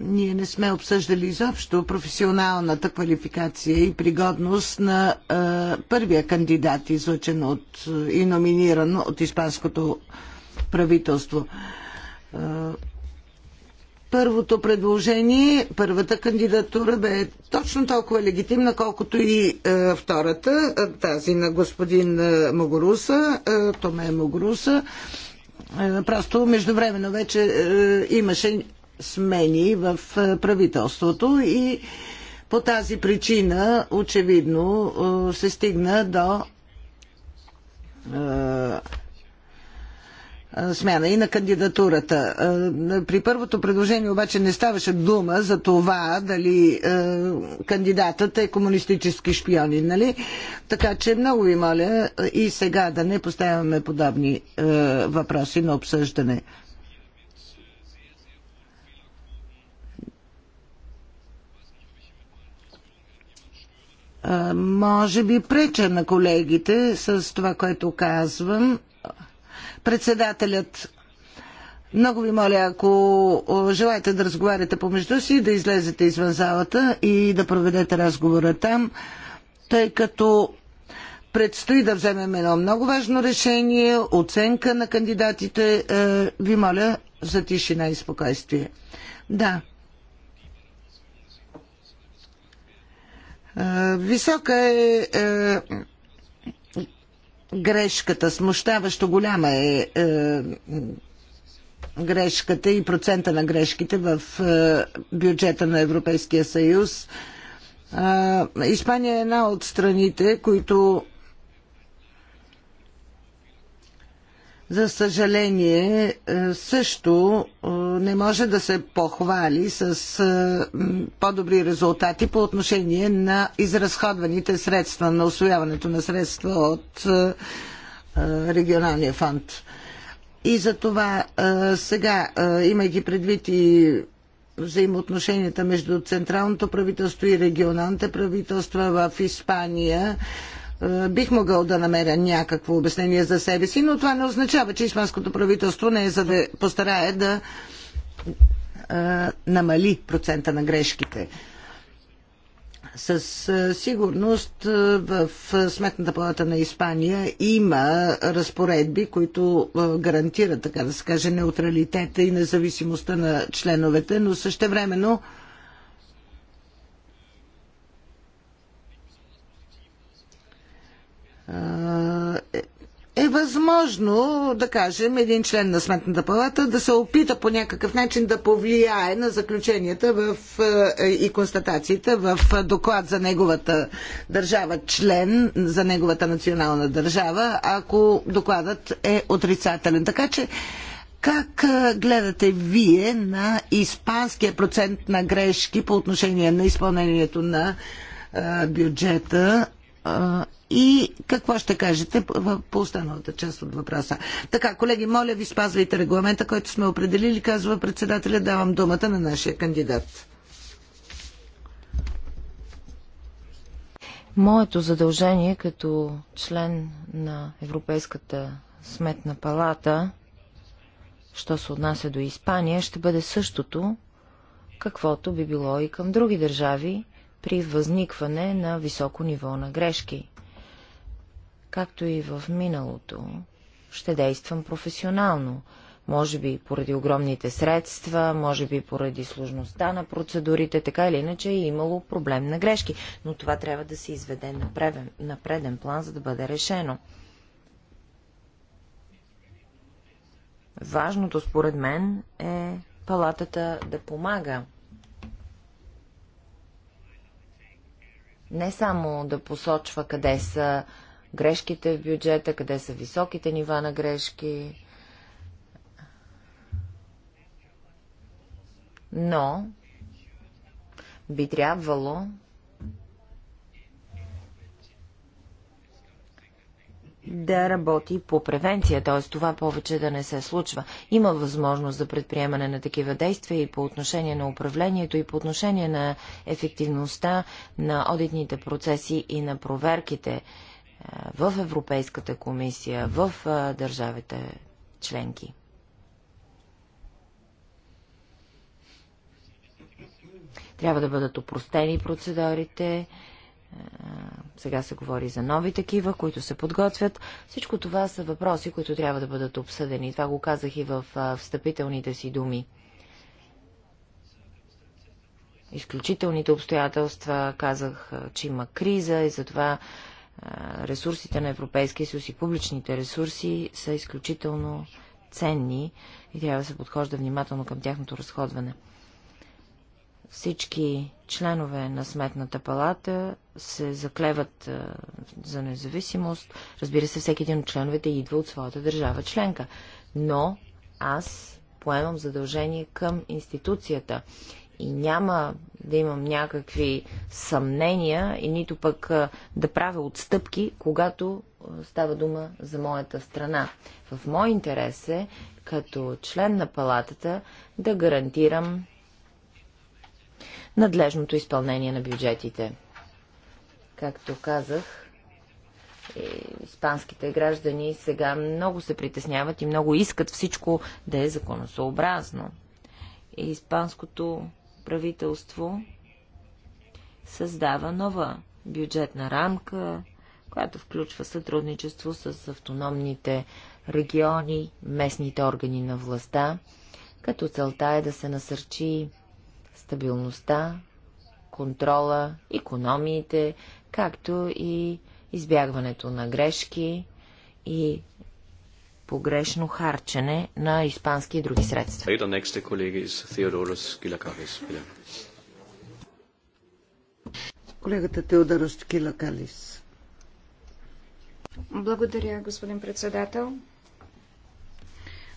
ние не сме обсъждали изобщо професионалната квалификация и пригодност на е, първия кандидат, излъчен от, е, и номиниран от испанското правителство. Е, първото предложение, първата кандидатура бе точно толкова легитимна, колкото и е, втората, е, тази на господин Могоруса, е, Томе Могоруса. Е, е, просто междувременно вече е, имаше смени в е, правителството и по тази причина очевидно се стигна до смяна и на кандидатурата. Е, при първото предложение обаче не ставаше дума за това дали е, кандидатът е комунистически шпионин, нали? Така че много ви моля е, и сега да не поставяме подобни въпроси на обсъждане. може би преча на колегите с това, което казвам. Председателят много ви моля, ако желаете да разговаряте помежду си, да излезете извън залата и да проведете разговора там, тъй като предстои да вземем едно много важно решение, оценка на кандидатите. Е, ви моля за тишина и спокойствие. Да. Е, висока е, е грешката. Смущаващо голяма е, е грешката и процента на грешките в е, бюджета на Европейския съюз. Е, Испания е една от страните, които за съжаление, е, също е, не може да се похвали с е, по-добри резултати по отношение на изразходваните средства, на освояването на средства от регионалния фонд. И за това сега, имайки предвид и взаимоотношенията между централното правителство и регионалните правителства в Испания, е, бих могъл да намеря някакво обяснение за себе си, но това не означава, че испанското правителство не е за да постарае да е, намали процента на грешките. Със е, сигурност в Сметната палата на Испания има разпоредби, които гарантират, така да се каже, неутралитета и независимостта на членовете, но същевременно времено Е, е възможно, да кажем, един член на Сметната палата да се опита по някакъв начин да повлияе на заключенията в, е, и констатациите в доклад за неговата държава член, за неговата национална държава, ако докладът е отрицателен. Така че, как е, гледате вие на испанския процент на грешки по отношение на изпълнението на бюджета и какво ще кажете по останалата част от въпроса. Така, колеги, моля ви спазвайте регламента, който сме определили, казва председателя. Давам думата на нашия кандидат. Моето задължение като член на Европейската сметна палата, що се отнася до Испания, ще бъде същото, каквото би било и към други държави, при възникване на високо ниво на грешки. Както и в миналото, ще действам професионално. Може би поради огромните средства, може би поради сложността на процедурите, така или иначе е имало проблем на грешки. Но това трябва да се изведе на, преден план, за да бъде решено. Важното според мен е палатата да помага не само да посочва къде са грешките в бюджета, къде са високите нива на грешки, но би трябвало да работи по превенция, т.е. това повече да не се случва. Има възможност за предприемане на такива действия и по отношение на управлението, и по отношение на ефективността на одитните процеси и на проверките в Европейската комисия, в държавите членки. Трябва да бъдат опростени процедурите, е, сега се говори за нови такива, които се подготвят. Всичко това са въпроси, които трябва да бъдат обсъдени. Това го казах и в встъпителните си думи. Изключителните обстоятелства, казах, че има криза и затова ресурсите на Европейския съюз и публичните ресурси са изключително ценни и трябва да се подхожда внимателно към тяхното разходване. Всички членове на Сметната палата се заклеват за независимост. Разбира се, всеки един от членовете идва от своята държава членка. Но аз поемам задължение към институцията и няма да имам някакви съмнения и нито пък да правя отстъпки, когато става дума за моята страна. В мой интерес е, като член на палатата, да гарантирам надлежното изпълнение на бюджетите. Както казах, испанските граждани сега много се притесняват и много искат всичко да е законосообразно. И испанското правителство създава нова бюджетна рамка, която включва сътрудничество с автономните региони, местните органи на властта, като целта е да се насърчи стабилността, контрола, економиите, както и избягването на грешки и погрешно харчене на испански и други средства. Колегата Теодорос Килакалис. Благодаря, господин председател.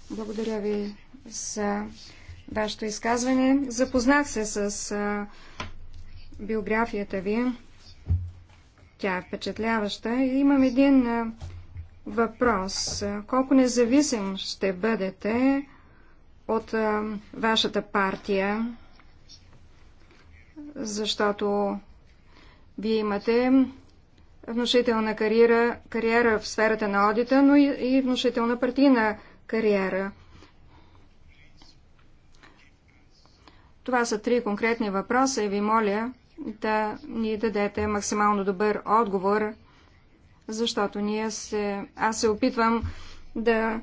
Благодаря ви за вашето изказване. Запознах се с а, биографията ви. Тя е впечатляваща. И имам един а, въпрос. Колко независим ще бъдете от а, вашата партия? Защото вие имате внушителна кариера, кариера в сферата на одита, но и, и внушителна партийна кариера. Това са три конкретни въпроса и ви моля да ни дадете максимално добър отговор, защото ние се, аз се опитвам да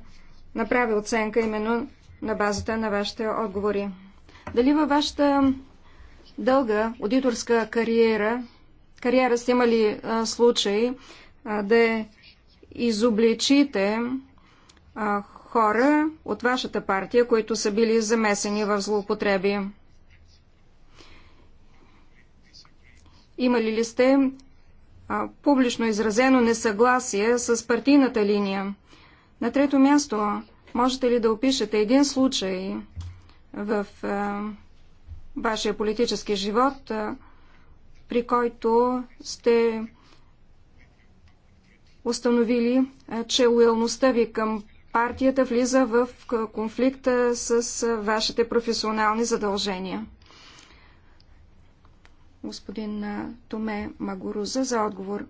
направя оценка именно на базата на вашите отговори. Дали във вашата дълга аудиторска кариера, кариера сте имали а, случай а, да изобличите а, хора от вашата партия, които са били замесени в злоупотреби? Имали ли сте а, публично изразено несъгласие с партийната линия? На трето място, можете ли да опишете един случай в а, вашия политически живот, а, при който сте установили, а, че лоялността ви към партията влиза в конфликта с вашите професионални задължения? господин Томе Магоруза за отговор.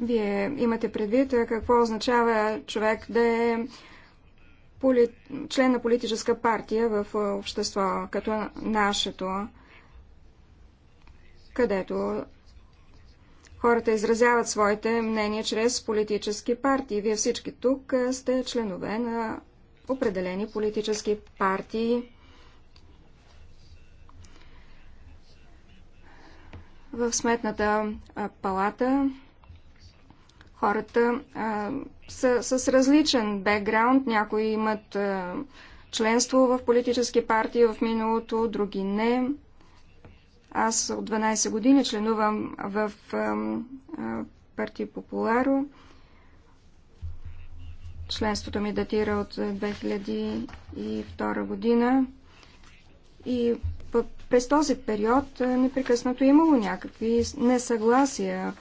Вие имате предвид какво означава човек да е поли... член на политическа партия в общество като нашето където хората изразяват своите мнения чрез политически партии. Вие всички тук сте членове на определени политически партии. В сметната палата хората а, са с различен бекграунд. Някои имат а, членство в политически партии в миналото, други не. Аз от 12 години членувам в партия Популаро. Членството ми датира от 2002 година. И през този период непрекъснато е имало някакви несъгласия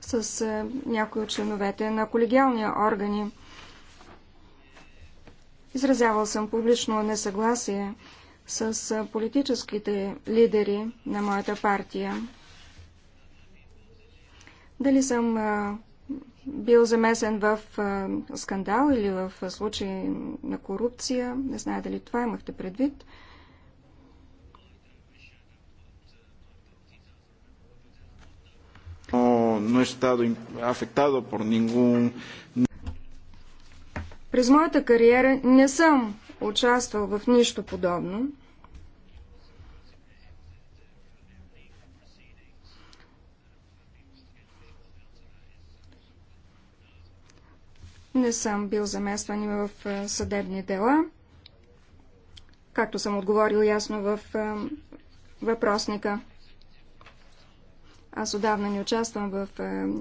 с някои от членовете на колегиалния органи. Изразявал съм публично несъгласие с политическите лидери на моята партия. Дали съм бил замесен в скандал или в случай на корупция, не знае дали това имахте предвид. no he estado afectado por ningún през моята кариера не съм участвал в нищо подобно. Не съм бил замесван в съдебни дела, както съм отговорил ясно в въпросника. Аз отдавна не участвам в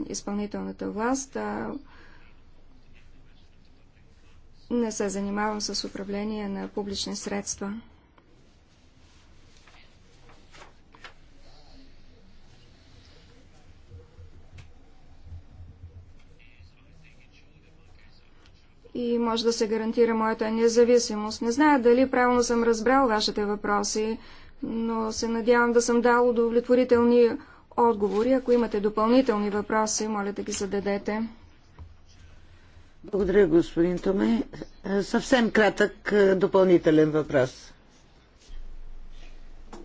изпълнителната власт, а не се занимавам с управление на публични средства. и може да се гарантира моята независимост. Не зная дали правилно съм разбрал вашите въпроси, но се надявам да съм дал удовлетворителни отговори. Ако имате допълнителни въпроси, моля да ги зададете. Благодаря, господин Томе. Е, съвсем кратък е, допълнителен въпрос.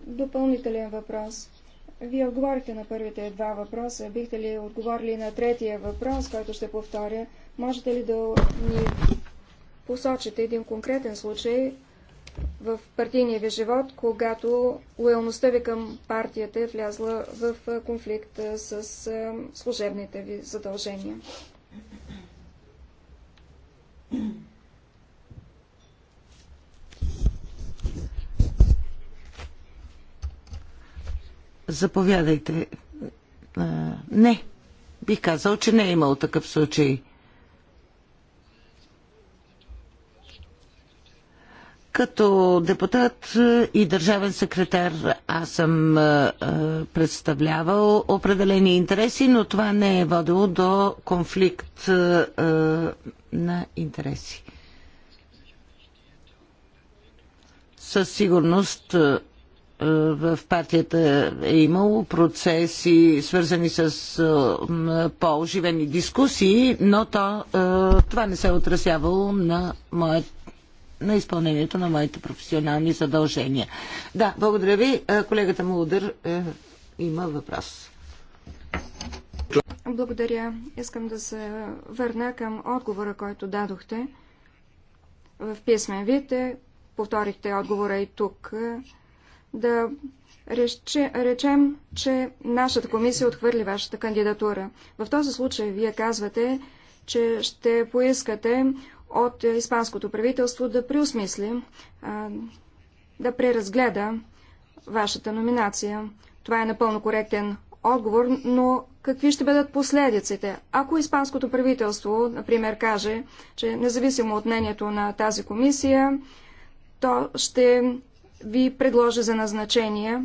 Допълнителен въпрос. Вие отговорихте на първите два въпроса. Бихте ли отговорили на третия въпрос, който ще повторя? Можете ли да ни посочите един конкретен случай в партийния ви живот, когато лоялността ви към партията е влязла в е, конфликт с служебните ви задължения? Заповядайте. Не, бих казал, че не е имал такъв случай. Като депутат и държавен секретар аз съм представлявал определени интереси, но това не е водило до конфликт на интереси. Със сигурност в партията е имало процеси, свързани с по-оживени дискусии, но то, това не се е отразявало на моят на изпълнението на моите професионални задължения. Да, благодаря ви. Е, колегата Молодър е, има въпрос. Благодаря. Искам да се върна към отговора, който дадохте. В писмен вид е, повторихте отговора и тук. Е, да рече, речем, че нашата комисия отхвърли вашата кандидатура. В този случай вие казвате, че ще поискате от е, Испанското правителство да преосмисли, да преразгледа вашата номинация. Това е напълно коректен отговор, но какви ще бъдат последиците? Ако Испанското правителство, например, каже, че независимо от мнението на тази комисия, то ще ви предложи за назначение,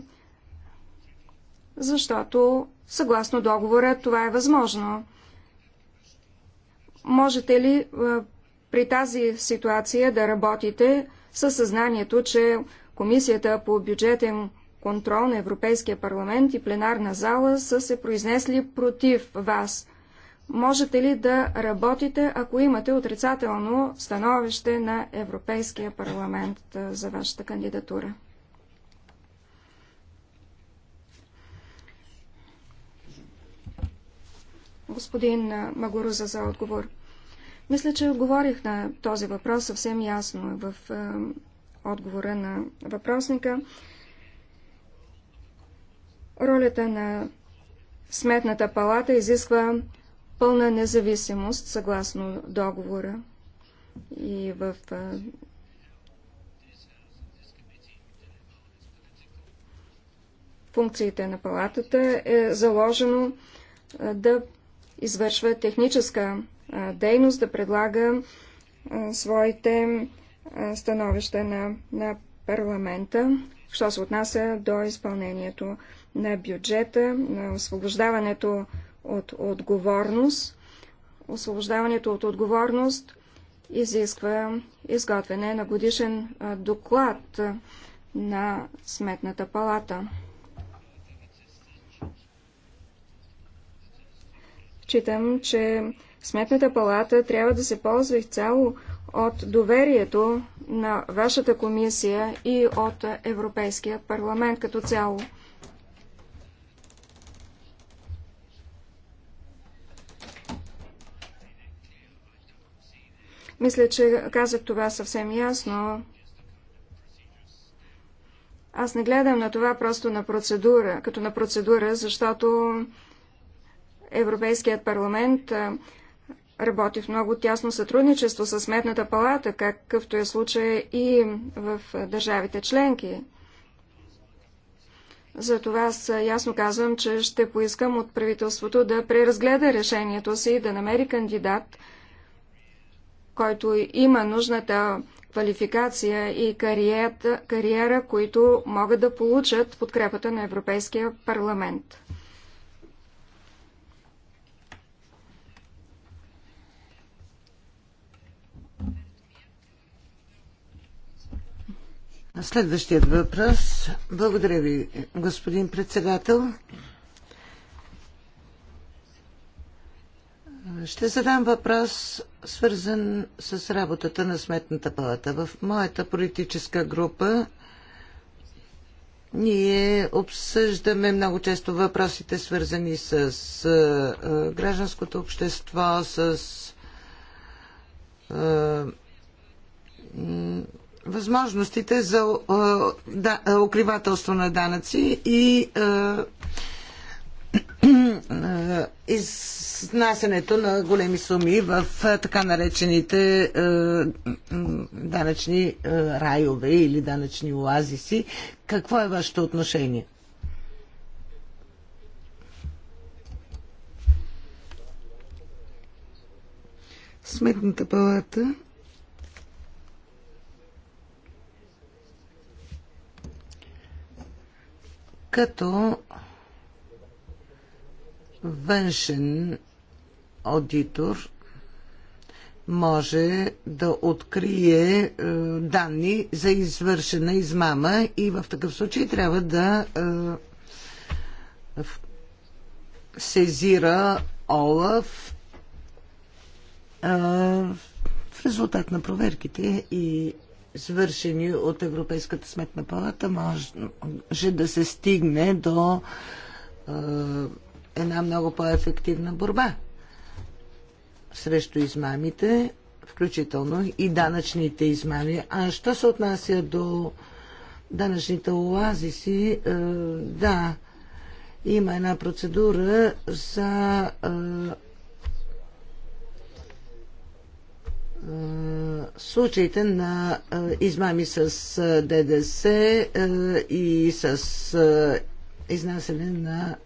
защото съгласно договора това е възможно можете ли при тази ситуация да работите със съзнанието, че Комисията по бюджетен контрол на Европейския парламент и пленарна зала са се произнесли против вас. Можете ли да работите, ако имате отрицателно становище на Европейския парламент за вашата кандидатура? Господин Магоруза за отговор. Мисля, че отговорих на този въпрос съвсем ясно в е, отговора на въпросника. Ролята на Сметната палата изисква пълна независимост съгласно договора и в е, функциите на палатата е заложено е, да извършва техническа дейност, да предлага своите становища на, на парламента, що се отнася до изпълнението на бюджета, на освобождаването от отговорност. Освобождаването от отговорност изисква изготвяне на годишен доклад на Сметната палата. Читам, че Сметната палата трябва да се ползва изцяло от доверието на вашата комисия и от Европейския парламент като цяло. Мисля, че казах това съвсем ясно. Аз не гледам на това просто на процедура, като на процедура, защото Европейският парламент работи в много тясно сътрудничество с Сметната палата, какъвто е случай и в държавите членки. Затова аз ясно казвам, че ще поискам от правителството да преразгледа решението си и да намери кандидат, който има нужната квалификация и кариера, кариера които могат да получат подкрепата на Европейския парламент. Следващият въпрос. Благодаря ви, господин председател. Ще задам въпрос, свързан с работата на Сметната палата. В моята политическа група ние обсъждаме много често въпросите, свързани с гражданското общество, с възможностите за да, укривателство на данъци и изнасянето на големи суми в така наречените данъчни райове или данъчни оазиси. Какво е вашето отношение? Сметната палата като външен аудитор може да открие е, данни за извършена измама и в такъв случай трябва да е, сезира Олаф е, в резултат на проверките и свършени от Европейската сметна палата, може да се стигне до е, една много по-ефективна борба срещу измамите, включително и данъчните измами. А що се отнася до данъчните оазиси, е, да, има една процедура за е, случаите на измами с ДДС и с изнасяне на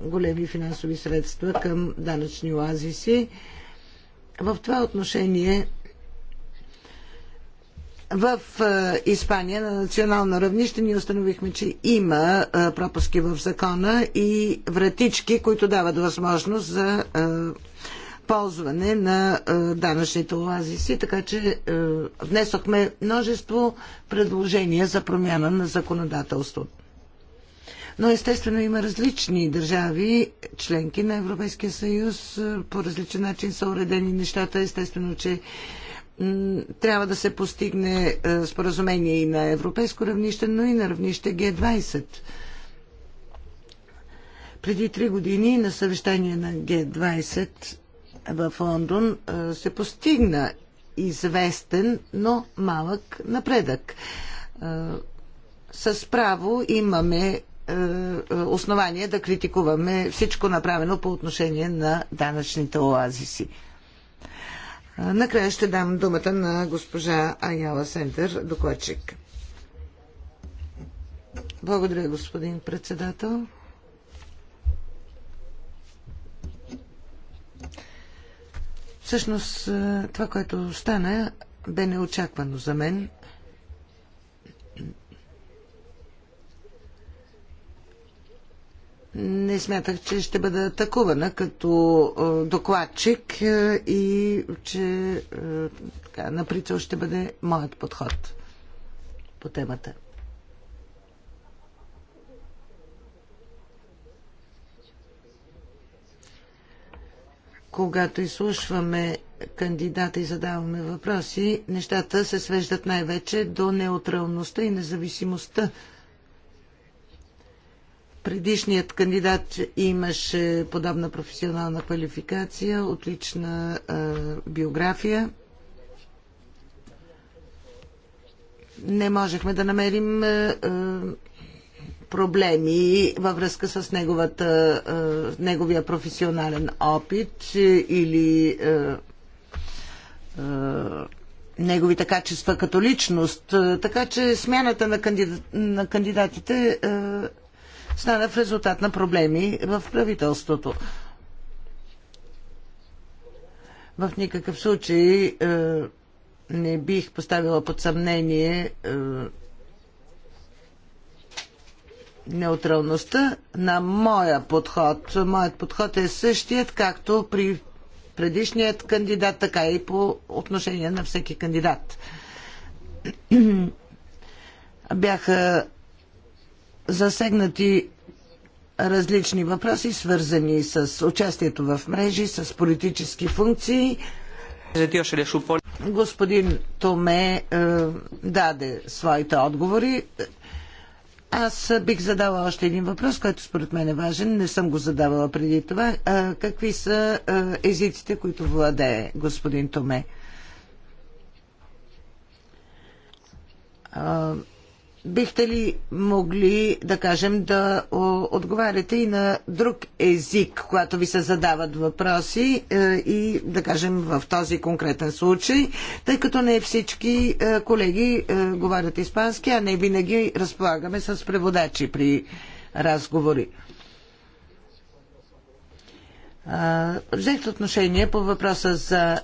големи финансови средства към данъчни оазиси. В това отношение в Испания на национално равнище ние установихме, че има пропуски в закона и вратички, които дават възможност за ползване на данъчните оазиси, така че внесохме множество предложения за промяна на законодателството. Но естествено има различни държави, членки на Европейския съюз, по различен начин са уредени нещата. Естествено, че трябва да се постигне споразумение и на европейско равнище, но и на равнище Г20. Преди три години на съвещание на Г20 в Лондон се постигна известен, но малък напредък. С право имаме основание да критикуваме всичко направено по отношение на данъчните оазиси. Накрая ще дам думата на госпожа Аяла Сентер, докладчик. Благодаря, господин председател. Всъщност е, това, което стана, бе неочаквано за мен. Не смятах, че ще бъда атакувана като е, докладчик е, и че така, наприцел ще бъде моят подход по темата. когато изслушваме кандидата и задаваме въпроси, нещата се свеждат най-вече до неутралността и независимостта. Предишният кандидат имаше подобна професионална квалификация, отлична а, биография. Не можехме да намерим а, проблеми във връзка с неговата, неговия професионален опит или неговите качества като личност. Така че смяната на, кандидат, на кандидатите стана в резултат на проблеми в правителството. В никакъв случай не бих поставила под съмнение неутралността на моя подход. Моят подход е същият, както при предишният кандидат, така и по отношение на всеки кандидат. Бяха засегнати различни въпроси, свързани с участието в мрежи, с политически функции. Господин Томе е, даде своите отговори. Аз бих задала още един въпрос, който според мен е важен. Не съм го задавала преди това. А, какви са а, езиците, които владее господин Томе? А, бихте ли могли, да кажем, да отговаряте и на друг език, когато ви се задават въпроси е, и, да кажем, в този конкретен случай, тъй като не всички е, колеги е, говорят испански, а не винаги разполагаме с преводачи при разговори. Взех отношение по въпроса за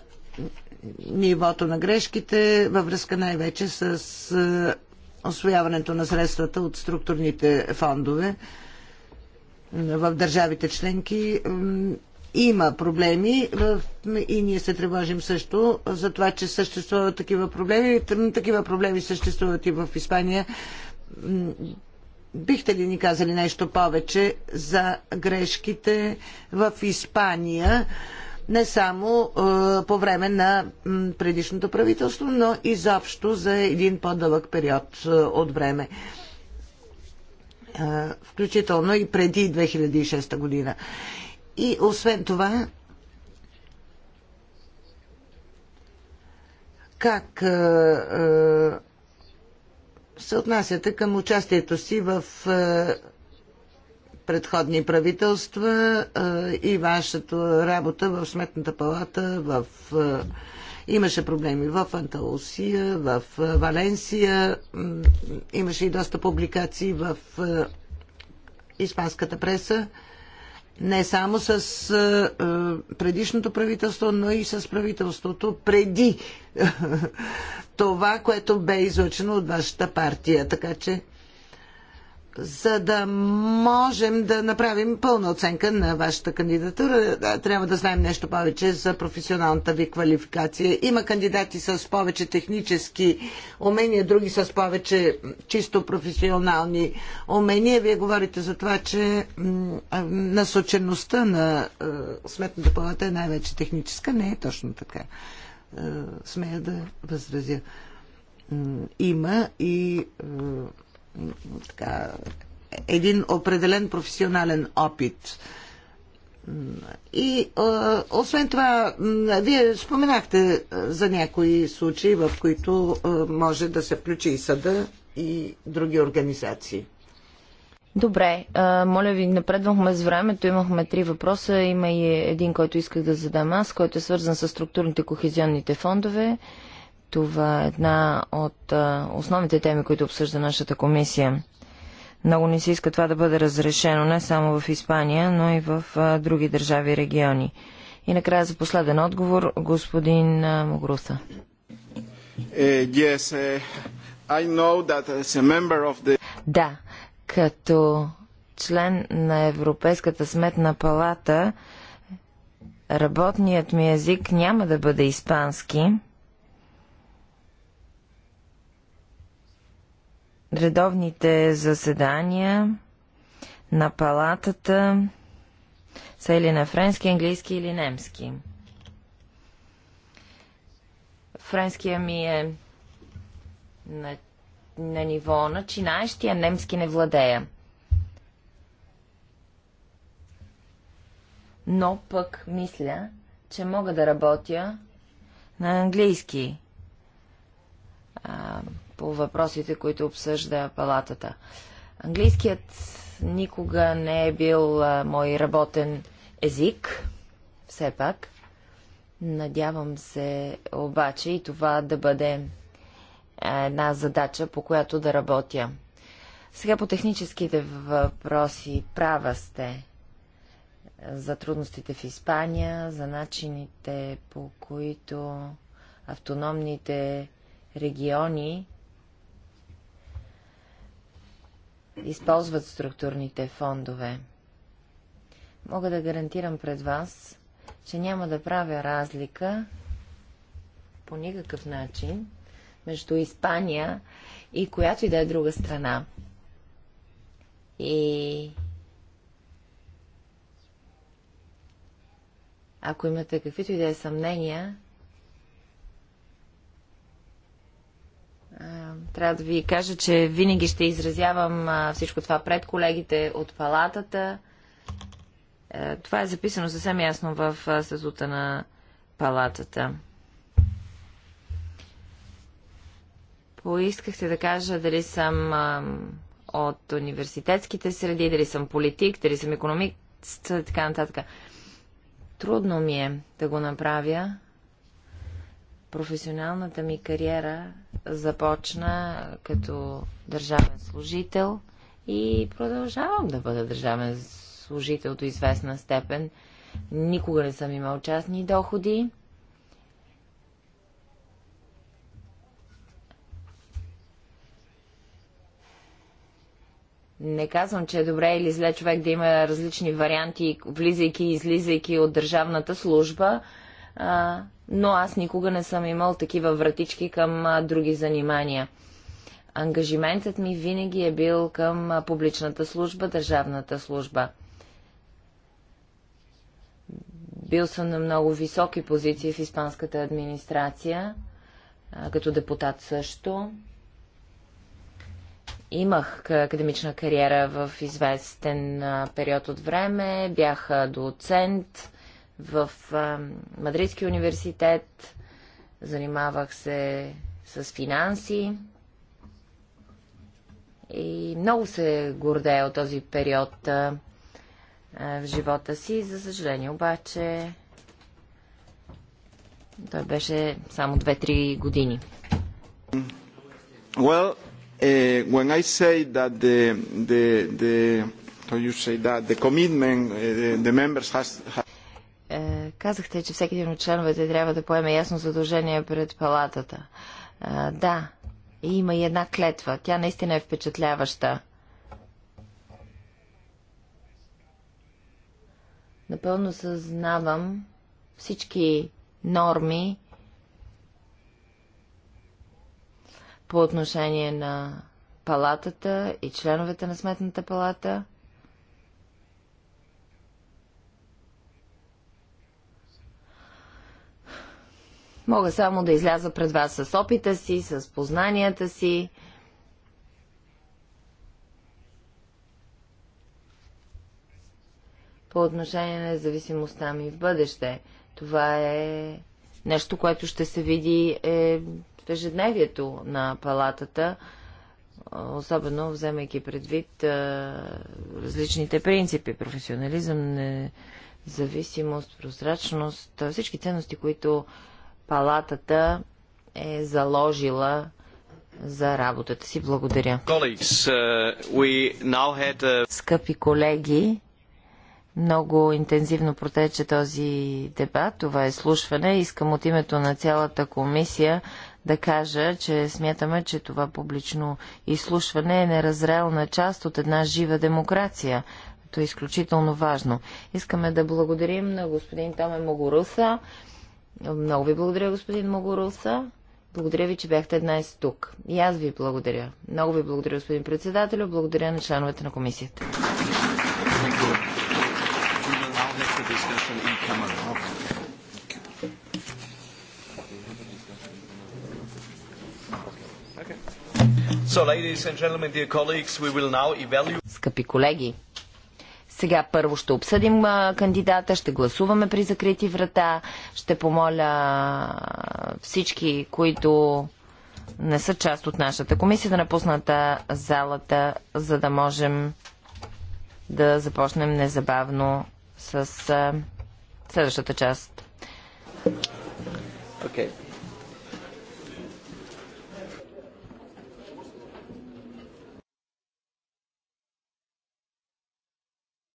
нивото на грешките във връзка най-вече с освояването на средствата от структурните фондове в държавите членки има проблеми и ние се тревожим също за това, че съществуват такива проблеми. Такива проблеми съществуват и в Испания. Бихте ли ни казали нещо повече за грешките в Испания? не само е, по време на предишното правителство, но изобщо за един по-дълъг период е, от време е, включително и преди 2006 година. И освен това, как се отнасяте към участието си в предходни правителства и вашата работа в Сметната палата, в... имаше проблеми в Анталусия, в Валенсия, имаше и доста публикации в испанската преса, не само с предишното правителство, но и с правителството преди това, което бе излъчено от вашата партия. Така че за да можем да направим пълна оценка на вашата кандидатура, трябва да знаем нещо повече за професионалната ви квалификация. Има кандидати с повече технически умения, други с повече чисто професионални умения. Вие говорите за това, че насочеността на Сметната палата е най-вече техническа. Не е точно така. Смея да възразя. Има и така, един определен професионален опит. И освен това, вие споменахте за някои случаи, в които може да се включи и съда и други организации. Добре, моля ви, напредвахме с времето, имахме три въпроса. Има и един, който исках да задам аз, който е свързан с структурните кохезионните фондове. Това е една от основните теми, които обсъжда нашата комисия. Много не се иска това да бъде разрешено не само в Испания, но и в други държави и региони. И накрая за последен отговор, господин Могруса. Е, yes, е, the... Да, като член на Европейската сметна палата, работният ми език няма да бъде испански, Редовните заседания на палатата са или на френски, английски или немски. Френския ми е на, на ниво начинаещия, немски не владея. Но пък мисля, че мога да работя на английски. А, по въпросите, които обсъжда палатата. Английският никога не е бил а, мой работен език, все пак. Надявам се обаче и това да бъде а, една задача, по която да работя. Сега по техническите въпроси права сте за трудностите в Испания, за начините по които автономните региони използват структурните фондове. Мога да гарантирам пред вас, че няма да правя разлика по никакъв начин между Испания и която и да е друга страна. И ако имате каквито и да е съмнения, Трябва да ви кажа, че винаги ще изразявам всичко това пред колегите от палатата. Това е записано съвсем ясно в съзута на палатата. Поискахте да кажа дали съм от университетските среди, дали съм политик, дали съм економист, така нататък. Трудно ми е да го направя, Професионалната ми кариера започна като държавен служител и продължавам да бъда държавен служител до известна степен. Никога не съм имал частни доходи. Не казвам, че е добре или зле човек да има различни варианти, влизайки и излизайки от държавната служба, а, но аз никога не съм имал такива вратички към а, други занимания. Ангажиментът ми винаги е бил към а, публичната служба, държавната служба. Бил съм на много високи позиции в испанската администрация, а, като депутат също. Имах академична кариера в известен период от време, бях доцент в Мадридски университет, занимавах се с финанси и много се гордея от този период а, в живота си. За съжаление обаче той беше само 2-3 години. Well, eh, when I say that the, the, the, how you say that, the commitment eh, the, the members has, has Казахте, че всеки един от членовете трябва да поеме ясно задължение пред палатата. А, да, и има и една клетва. Тя наистина е впечатляваща. Напълно съзнавам всички норми по отношение на палатата и членовете на сметната палата – Мога само да изляза пред вас с опита си, с познанията си. По отношение на независимостта ми в бъдеще. Това е нещо, което ще се види е в ежедневието на палатата, особено вземайки предвид е, различните принципи, професионализъм, независимост, прозрачност, всички ценности, които палатата е заложила за работата си. Благодаря. Uh, Скъпи колеги, много интензивно протече този дебат, това е слушване. Искам от името на цялата комисия да кажа, че смятаме, че това публично изслушване е неразрелна част от една жива демокрация. То е изключително важно. Искаме да благодарим на господин Томе Могоруса, много ви благодаря, господин Могоруса. Благодаря ви, че бяхте днес тук. И аз ви благодаря. Много ви благодаря, господин председател. Благодаря на членовете на комисията. Скъпи колеги, сега първо ще обсъдим кандидата, ще гласуваме при закрити врата, ще помоля всички, които не са част от нашата комисия, да напуснат залата, за да можем да започнем незабавно с следващата част. Okay.